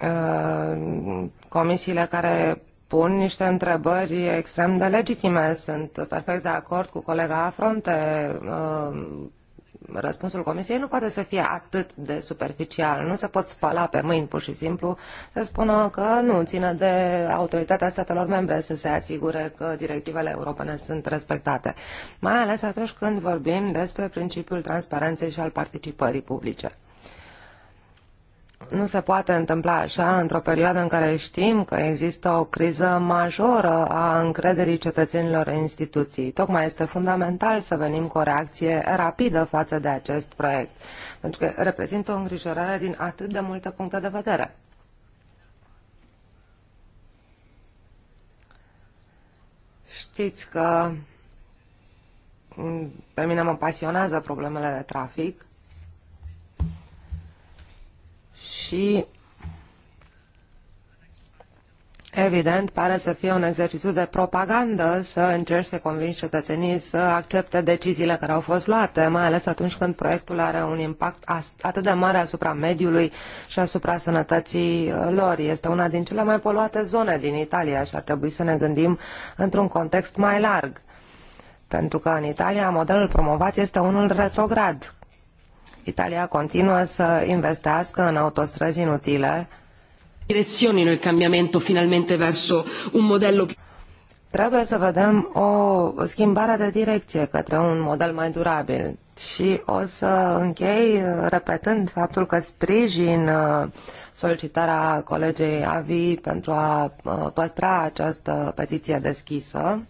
Uh, comisiile care pun niște întrebări extrem de legitime. Sunt perfect de acord cu colega Afronte. Uh, răspunsul comisiei nu poate să fie atât de superficial. Nu se pot spăla pe mâini, pur și simplu, să spună că nu ține de autoritatea statelor membre să se asigure că directivele europene sunt respectate. Mai ales atunci când vorbim despre principiul transparenței și al participării publice nu se poate întâmpla așa într-o perioadă în care știm că există o criză majoră a încrederii cetățenilor în instituții. Tocmai este fundamental să venim cu o reacție rapidă față de acest proiect, pentru că reprezintă o îngrijorare din atât de multe puncte de vedere. Știți că pe mine mă pasionează problemele de trafic și Evident, pare să fie un exercițiu de propagandă să încerci să convingi cetățenii să accepte deciziile care au fost luate, mai ales atunci când proiectul are un impact atât de mare asupra mediului și asupra sănătății uh, lor. Este una din cele mai poluate zone din Italia și ar trebui să ne gândim într-un context mai larg. Pentru că în Italia modelul promovat este unul retrograd, Italia continuă să investească în autostrăzi inutile. Direzionino il cambiamento finalmente verso un modello Trebuie să vedem o schimbare de direcție către un model mai durabil. Și o să închei repetând faptul că sprijin uh, solicitarea colegei Avi pentru a uh, păstra această petiție deschisă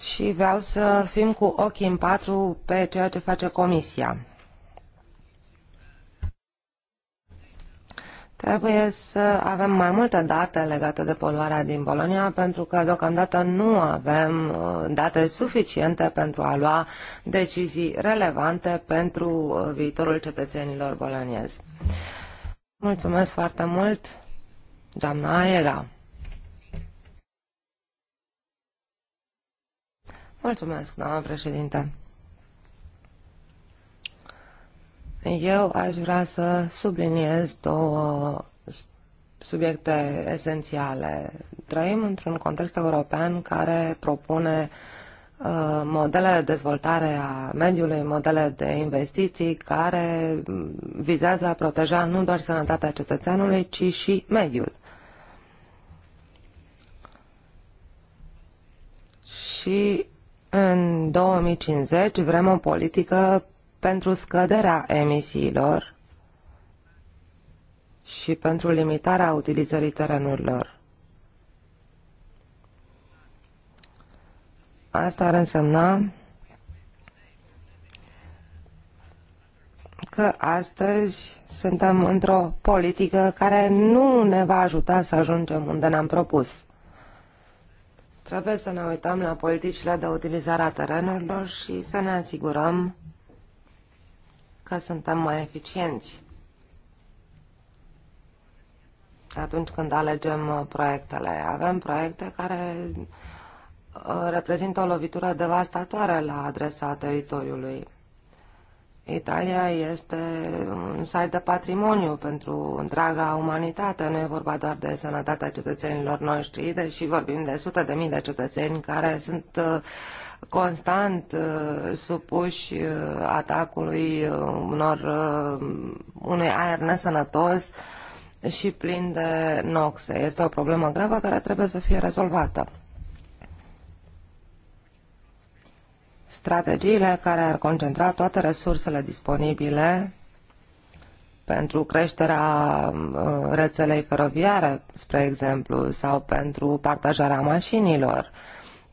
și vreau să fim cu ochii în patru pe ceea ce face Comisia. Trebuie să avem mai multe date legate de poluarea din Polonia, pentru că deocamdată nu avem uh, date suficiente pentru a lua decizii relevante pentru uh, viitorul cetățenilor boloniezi. Mulțumesc foarte mult, doamna Aiega. Mulțumesc, doamna președinte. Eu aș vrea să subliniez două subiecte esențiale. Trăim într-un context european care propune uh, modele de dezvoltare a mediului, modele de investiții care mm, vizează a proteja nu doar sănătatea cetățeanului, ci și mediul. Și în 2050 vrem o politică pentru scăderea emisiilor și pentru limitarea utilizării terenurilor. Asta ar însemna că astăzi suntem într-o politică care nu ne va ajuta să ajungem unde ne-am propus. Trebuie să ne uităm la politicile de utilizare a terenurilor și să ne asigurăm că suntem mai eficienți atunci când alegem uh, proiectele. Avem proiecte care uh, reprezintă o lovitură devastatoare la adresa teritoriului. Italia este un site de patrimoniu pentru întreaga umanitate. Nu e vorba doar de sănătatea cetățenilor noștri, deși vorbim de sute de mii de cetățeni care sunt uh, constant uh, supuși uh, atacului unor, unui aer nesănătos și plin de noxe. Este o problemă gravă care trebuie să fie rezolvată. strategiile care ar concentra toate resursele disponibile pentru creșterea uh, rețelei feroviare, spre exemplu, sau pentru partajarea mașinilor,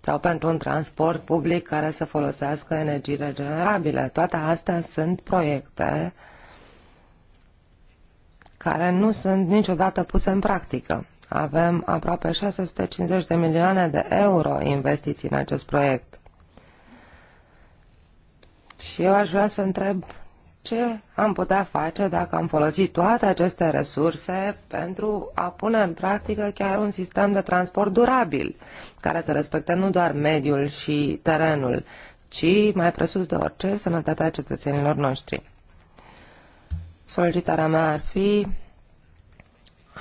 sau pentru un transport public care să folosească energii regenerabile. Toate astea sunt proiecte care nu sunt niciodată puse în practică. Avem aproape 650 de milioane de euro investiții în acest proiect și eu aș vrea să întreb ce am putea face dacă am folosit toate aceste resurse pentru a pune în practică chiar un sistem de transport durabil, care să respecte nu doar mediul și terenul, ci, mai presus de orice, sănătatea cetățenilor noștri. Solicitarea mea ar fi Uh,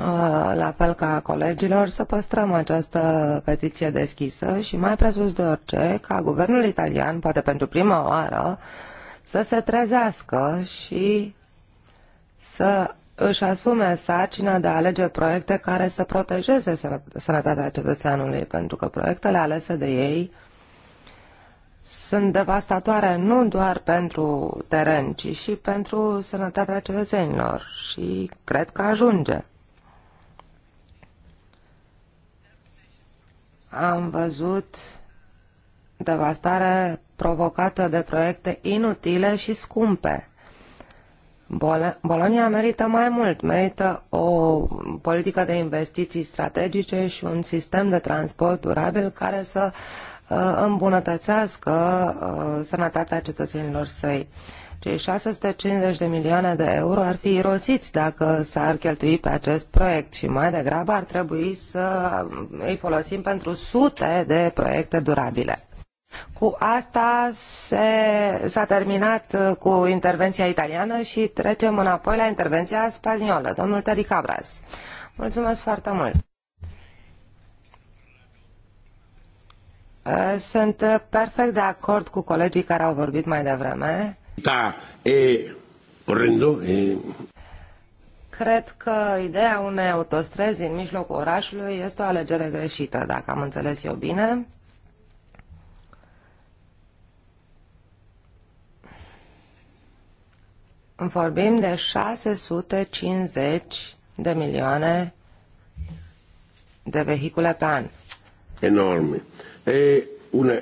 la fel ca colegilor, să păstrăm această petiție deschisă și mai presus de orice, ca guvernul italian, poate pentru prima oară, să se trezească și să își asume sarcina de a alege proiecte care să protejeze sănătatea cetățeanului, pentru că proiectele alese de ei sunt devastatoare nu doar pentru teren, ci și pentru sănătatea cetățenilor și cred că ajunge. Am văzut devastare provocată de proiecte inutile și scumpe. Bol Bolonia merită mai mult, merită o politică de investiții strategice și un sistem de transport durabil care să uh, îmbunătățească uh, sănătatea cetățenilor săi. Cei 650 de milioane de euro ar fi irosiți dacă s-ar cheltui pe acest proiect și mai degrabă ar trebui să îi folosim pentru sute de proiecte durabile. Cu asta s-a terminat cu intervenția italiană și trecem înapoi la intervenția spaniolă. Domnul Teri Cabras. Mulțumesc foarte mult! Sunt perfect de acord cu colegii care au vorbit mai devreme da, e orrendo. E... Cred că ideea unei autostrăzi în mijlocul orașului este o alegere greșită, dacă am înțeles eu bine. Vorbim de 650 de milioane de vehicule pe an. Enorme. E una...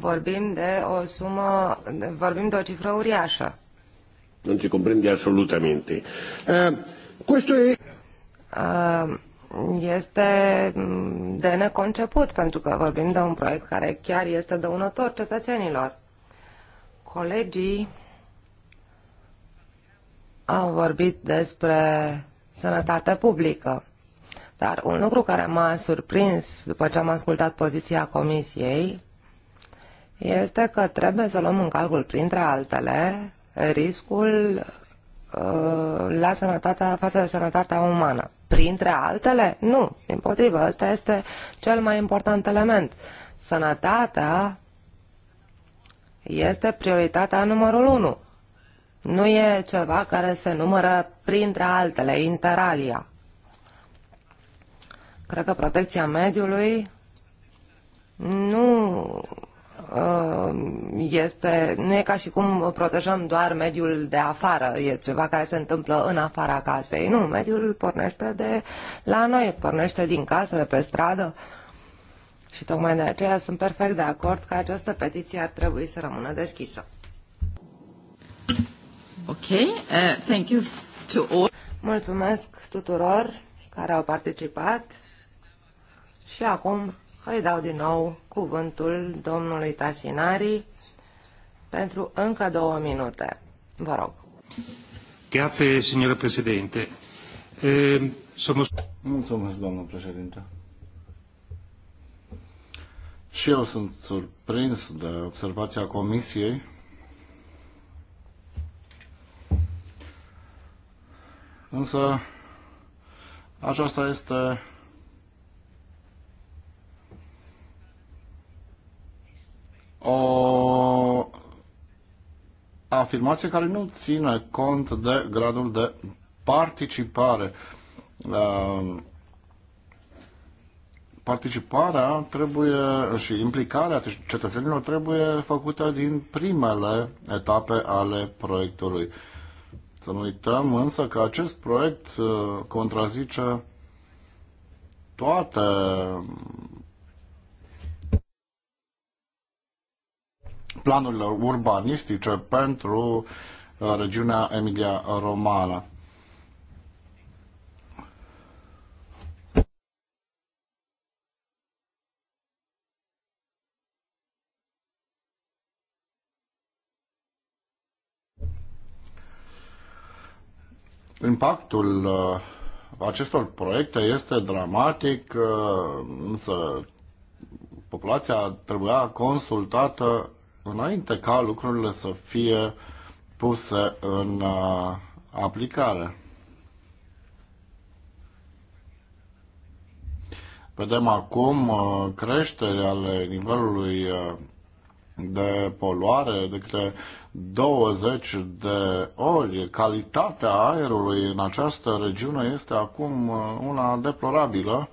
Vorbim de o sumă, vorbim de o cifră uriașă. Nu ci comprende absolutamente. Uh, eh, questo Uh, este mm, de neconceput, pentru că vorbim de un proiect care chiar este dăunător cetățenilor. Colegii au vorbit despre sănătate publică, dar un lucru care m-a surprins după ce am ascultat poziția Comisiei este că trebuie să luăm în calcul, printre altele, riscul uh, la sănătatea, față de sănătatea umană. Printre altele? Nu. Din potrivă, ăsta este cel mai important element. Sănătatea este prioritatea numărul unu. Nu e ceva care se numără printre altele, interalia. Cred că protecția mediului nu Uh, este, nu e ca și cum protejăm doar mediul de afară, e ceva care se întâmplă în afara casei. Nu, mediul pornește de la noi, pornește din casă, de pe stradă. Și tocmai de aceea sunt perfect de acord că această petiție ar trebui să rămână deschisă. Ok, uh, thank you to all. Mulțumesc tuturor care au participat și acum îi dau din nou cuvântul domnului Tasinari pentru încă două minute. Vă rog. Grazie, signora Presidente. E, eh, sono... Mulțumesc, domnul președinte. Și eu sunt surprins de observația Comisiei Însă aceasta este o afirmație care nu ține cont de gradul de participare. Participarea trebuie și implicarea cetățenilor trebuie făcută din primele etape ale proiectului. Să nu uităm însă că acest proiect uh, contrazice toate planurile urbanistice pentru uh, regiunea Emilia-Romana. Impactul uh, acestor proiecte este dramatic, uh, însă populația trebuia consultată înainte ca lucrurile să fie puse în uh, aplicare. Vedem acum uh, creșterea ale nivelului uh, de poluare de către 20 de ori. Calitatea aerului în această regiune este acum una deplorabilă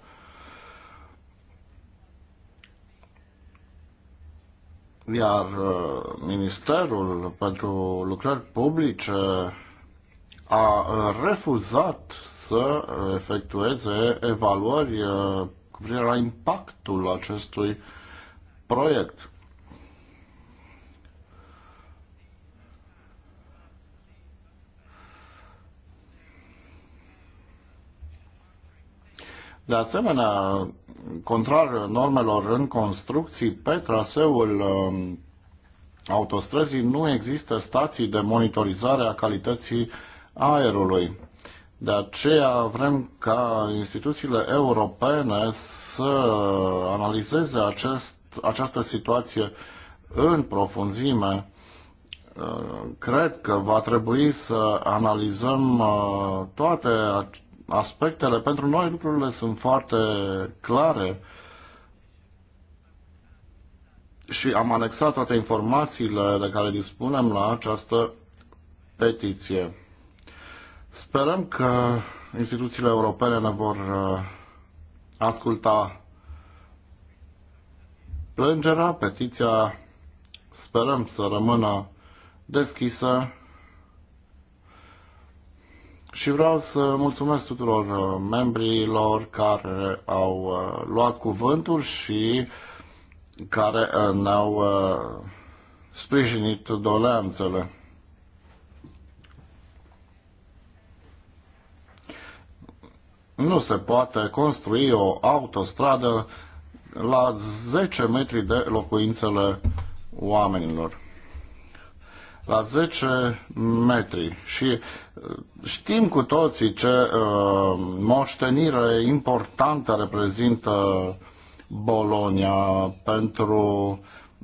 Iar uh, Ministerul pentru Lucrări Publice a uh, refuzat să efectueze evaluări uh, cu privire la impactul acestui proiect. De asemenea, contrar normelor în construcții, pe traseul um, autostrăzii nu există stații de monitorizare a calității aerului. De aceea vrem ca instituțiile europene să analizeze acest, această situație în profunzime. Uh, cred că va trebui să analizăm uh, toate aspectele. Pentru noi lucrurile sunt foarte clare și am anexat toate informațiile de care dispunem la această petiție. Sperăm că instituțiile europene ne vor uh, asculta plângerea, petiția sperăm să rămână deschisă și vreau să mulțumesc tuturor uh, membrilor care au uh, luat cuvântul și care uh, ne-au sprijinit doleanțele. Nu se poate construi o autostradă la 10 metri de locuințele oamenilor la 10 metri și uh, știm cu toții ce uh, moștenire importantă reprezintă Bolonia pentru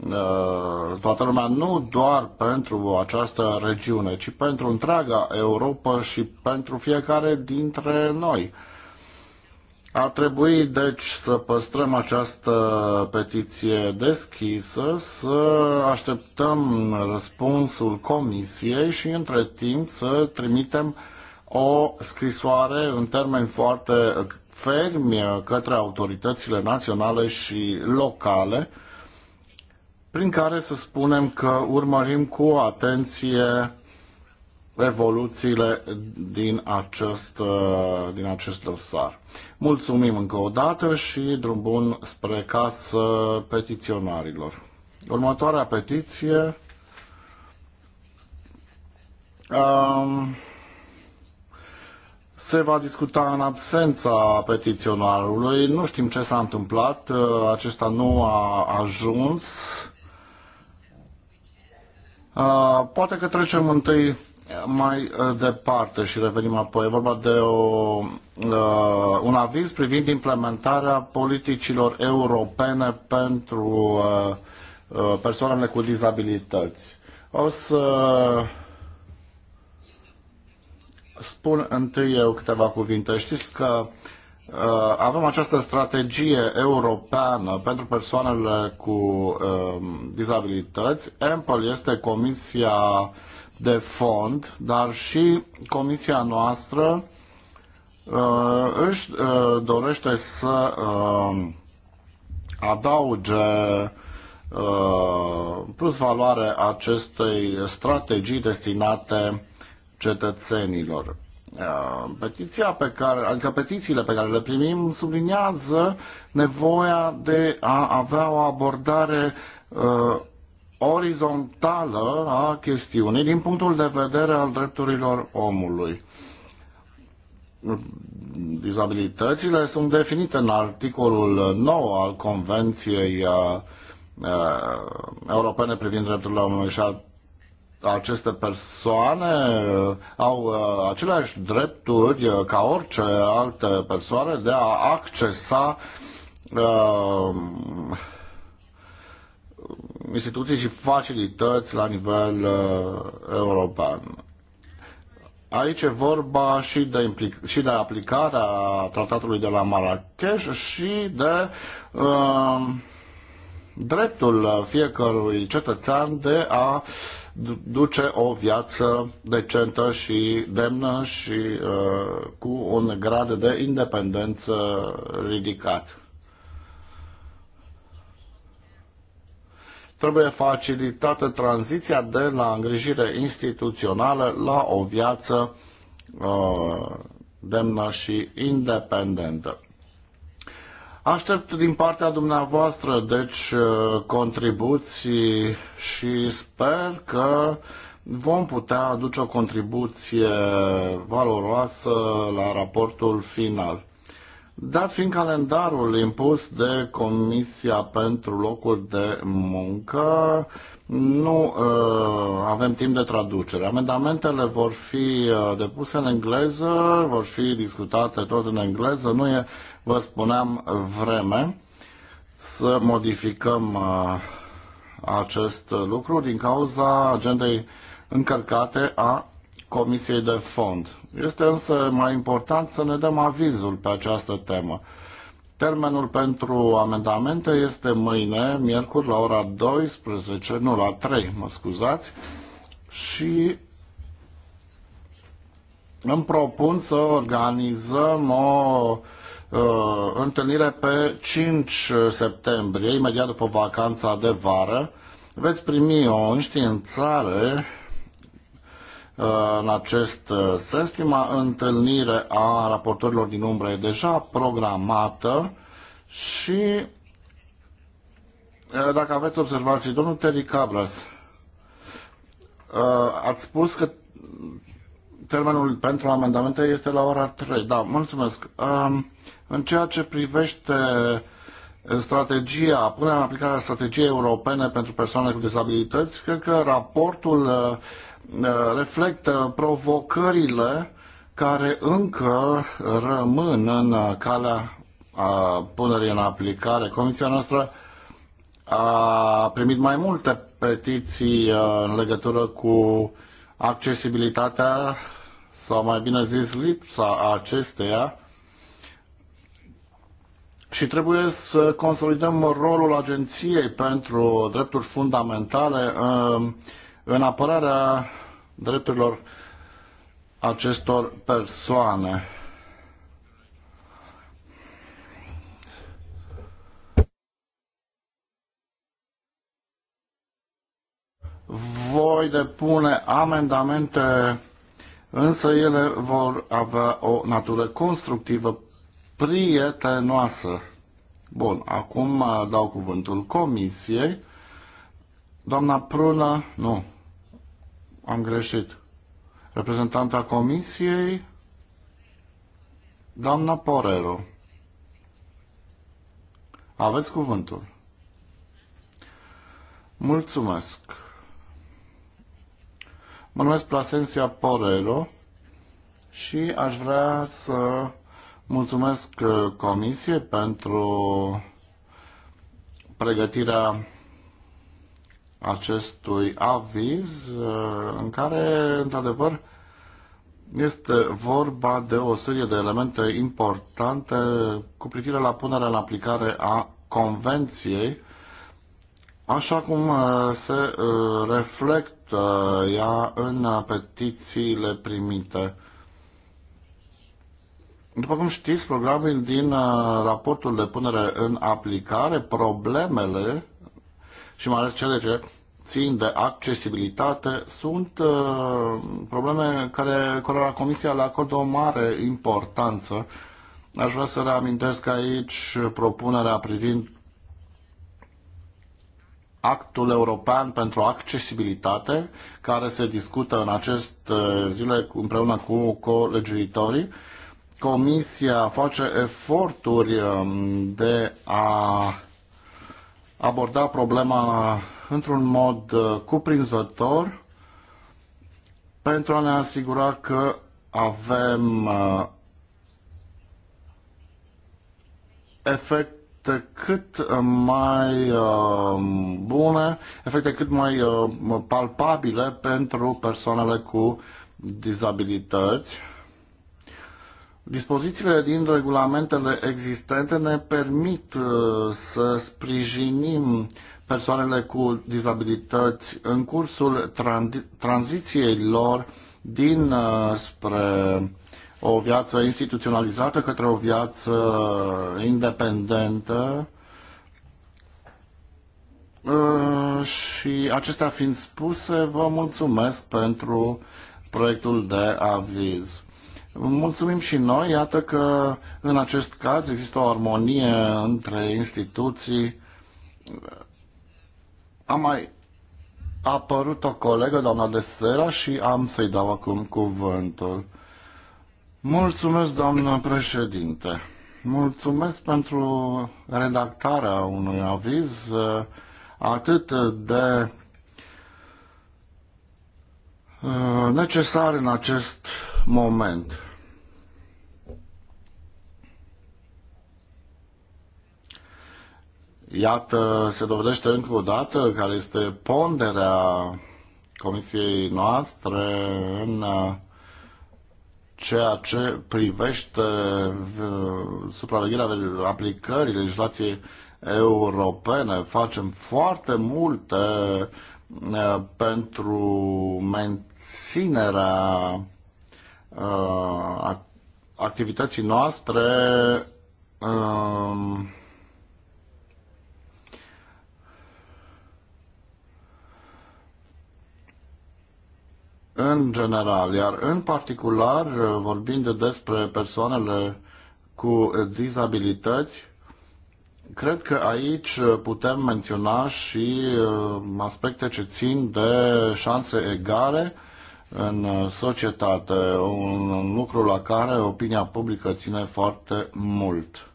uh, toată lumea, nu doar pentru această regiune, ci pentru întreaga Europa și pentru fiecare dintre noi. A trebui, deci, să păstrăm această petiție deschisă, să așteptăm răspunsul comisiei și, între timp, să trimitem o scrisoare în termeni foarte fermi către autoritățile naționale și locale, prin care să spunem că urmărim cu atenție evoluțiile din acest, uh, din acest dosar. Mulțumim încă o dată și drum bun spre casă petiționarilor. Următoarea petiție um, se va discuta în absența petiționarului. Nu știm ce s-a întâmplat. Uh, acesta nu a ajuns. Uh, poate că trecem întâi mai uh, departe și revenim apoi. E vorba de o, uh, un aviz privind implementarea politicilor europene pentru uh, persoanele cu dizabilități. O să spun întâi eu câteva cuvinte. Știți că avem această strategie europeană pentru persoanele cu dizabilități. EMPL este comisia de fond, dar și comisia noastră uh, își uh, dorește să uh, adauge plus valoare acestei strategii destinate cetățenilor. Petiția pe care, adică petițiile pe care le primim subliniază nevoia de a avea o abordare orizontală a chestiunii din punctul de vedere al drepturilor omului. Dizabilitățile sunt definite în articolul 9 al Convenției uh, uh, Europene privind drepturile omului și a aceste persoane uh, au aceleași drepturi ca orice alte persoane de a accesa uh, instituții și facilități la nivel uh, european. Aici e vorba și de, implic- și de aplicarea tratatului de la Marrakesh și de uh, dreptul fiecărui cetățean de a duce o viață decentă și demnă și uh, cu un grad de independență ridicat. Trebuie facilitată tranziția de la îngrijire instituțională la o viață uh, demnă și independentă. Aștept din partea dumneavoastră, deci, uh, contribuții și sper că vom putea aduce o contribuție valoroasă la raportul final. Dar fiind calendarul impus de Comisia pentru locuri de muncă, nu uh, avem timp de traducere. Amendamentele vor fi uh, depuse în engleză, vor fi discutate tot în engleză. Nu e, vă spuneam, vreme să modificăm uh, acest lucru din cauza agendei încărcate a Comisiei de Fond. Este însă mai important să ne dăm avizul pe această temă. Termenul pentru amendamente este mâine, miercuri, la ora 12, nu la 3, mă scuzați, și îmi propun să organizăm o uh, întâlnire pe 5 septembrie, imediat după vacanța de vară. Veți primi o înștiințare în acest uh, sens. Prima întâlnire a raportorilor din umbră e deja programată și uh, dacă aveți observații, domnul Terry Cabras, uh, ați spus că termenul pentru amendamente este la ora 3. Da, mulțumesc. Um, în ceea ce privește strategia, punerea în aplicare a strategiei europene pentru persoane cu dizabilități, cred că raportul Uh, reflectă provocările care încă rămân în uh, calea uh, punerii în aplicare. Comisia noastră a primit mai multe petiții în legătură cu accesibilitatea sau mai bine zis lipsa acesteia și trebuie să consolidăm rolul agenției pentru drepturi fundamentale în apărarea drepturilor acestor persoane. Voi depune amendamente, însă ele vor avea o natură constructivă, prietenoasă. Bun, acum uh, dau cuvântul comisiei. Doamna Pruna, nu, am greșit. Reprezentanta Comisiei, doamna Porero. Aveți cuvântul. Mulțumesc. Mă numesc Plasensia Porero și aș vrea să mulțumesc uh, Comisiei pentru pregătirea acestui aviz uh, în care, într-adevăr, este vorba de o serie de elemente importante cu privire la punerea în aplicare a Convenției, așa cum uh, se uh, reflectă ea în petițiile primite. După cum știți, programul din raportul de punere în aplicare, problemele și mai ales cele ce țin de accesibilitate sunt uh, probleme care, cărora Comisia le acordă o mare importanță. Aș vrea să reamintesc aici propunerea privind actul european pentru accesibilitate, care se discută în aceste zile împreună cu colegiuitorii. Comisia face eforturi um, de a aborda problema într-un mod uh, cuprinzător pentru a ne asigura că avem uh, efecte cât uh, mai bune, efecte cât mai palpabile pentru persoanele cu dizabilități. Dispozițiile din regulamentele existente ne permit să sprijinim persoanele cu dizabilități în cursul tran- tranziției lor din uh, spre o viață instituționalizată către o viață independentă uh, și acestea fiind spuse, vă mulțumesc pentru proiectul de aviz. Mulțumim și noi, iată că în acest caz există o armonie între instituții a mai apărut o colegă, doamna Desera, și am să-i dau acum cuvântul. Mulțumesc, doamnă președinte. Mulțumesc pentru redactarea unui aviz uh, atât de uh, necesar în acest moment. Iată, se dovedește încă o dată care este ponderea comisiei noastre în uh, ceea ce privește uh, supravegherea aplicării legislației europene. Facem foarte multe uh, pentru menținerea activității noastre în general, iar în particular, vorbind despre persoanele cu dizabilități, cred că aici putem menționa și uh, aspecte ce țin de șanse egale în societate, un lucru la care opinia publică ține foarte mult.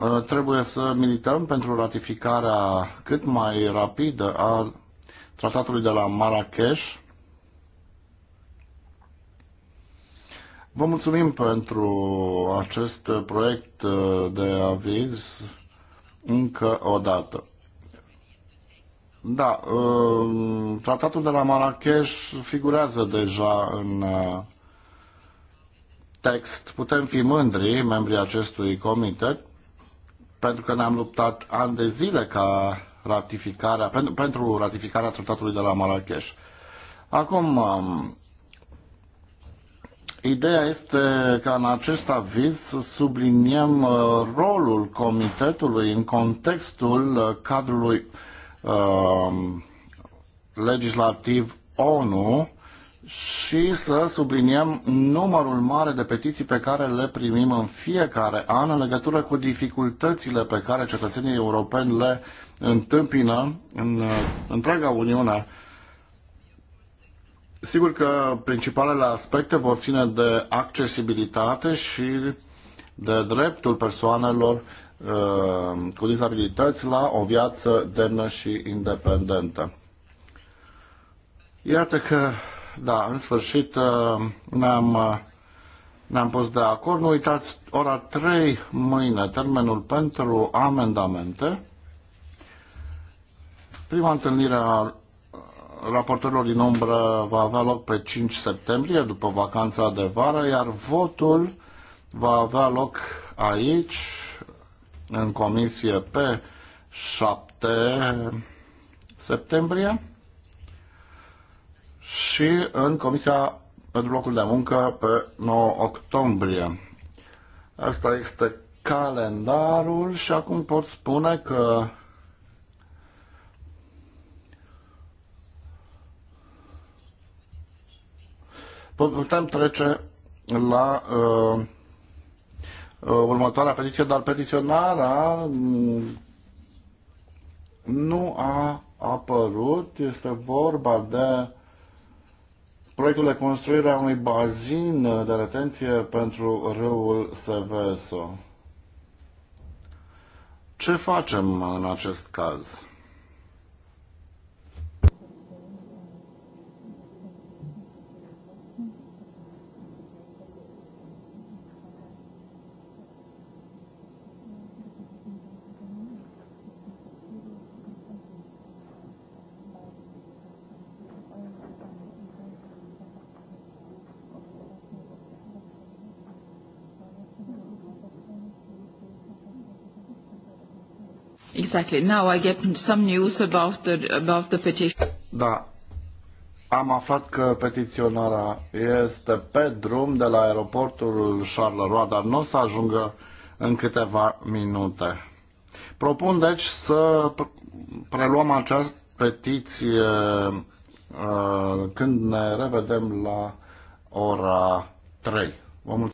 Uh, trebuie să milităm pentru ratificarea cât mai rapidă a tratatului de la Marrakesh. Vă mulțumim pentru acest proiect uh, de aviz încă o dată. Da, uh, tratatul de la Marrakesh figurează deja în text. Putem fi mândri, membrii acestui comitet, pentru că ne-am luptat ani de zile ca ratificarea, pentru, pentru ratificarea tratatului de la Marrakesh. Acum, um, ideea este ca în acest aviz să subliniem uh, rolul comitetului în contextul uh, cadrului um, legislativ ONU și să subliniem numărul mare de petiții pe care le primim în fiecare an în legătură cu dificultățile pe care cetățenii europeni le întâmpină în uh, întreaga Uniune. Sigur că principalele aspecte vor ține de accesibilitate și de dreptul persoanelor uh, cu dizabilități la o viață demnă și independentă. Iată că da, în sfârșit uh, ne-am uh, ne-am pus de acord. Nu uitați, ora 3 mâine, termenul pentru amendamente. Prima întâlnire a raportorilor din umbră va avea loc pe 5 septembrie, după vacanța de vară, iar votul va avea loc aici, în comisie, pe 7 septembrie și în Comisia pentru locul de muncă pe 9 octombrie. Asta este calendarul și acum pot spune că putem trece la uh, uh, următoarea petiție, dar petiționarea nu a apărut. Este vorba de proiectul de construire a unui bazin de retenție pentru râul Seveso. Ce facem în acest caz? Exactly. Now I get some news about the, about the petition. Da. Am aflat că petiționarea este pe drum de la aeroportul Charleroi, dar nu o să ajungă în câteva minute. Propun deci să preluăm această petiție uh, când ne revedem la ora 3. Vă mulțumesc.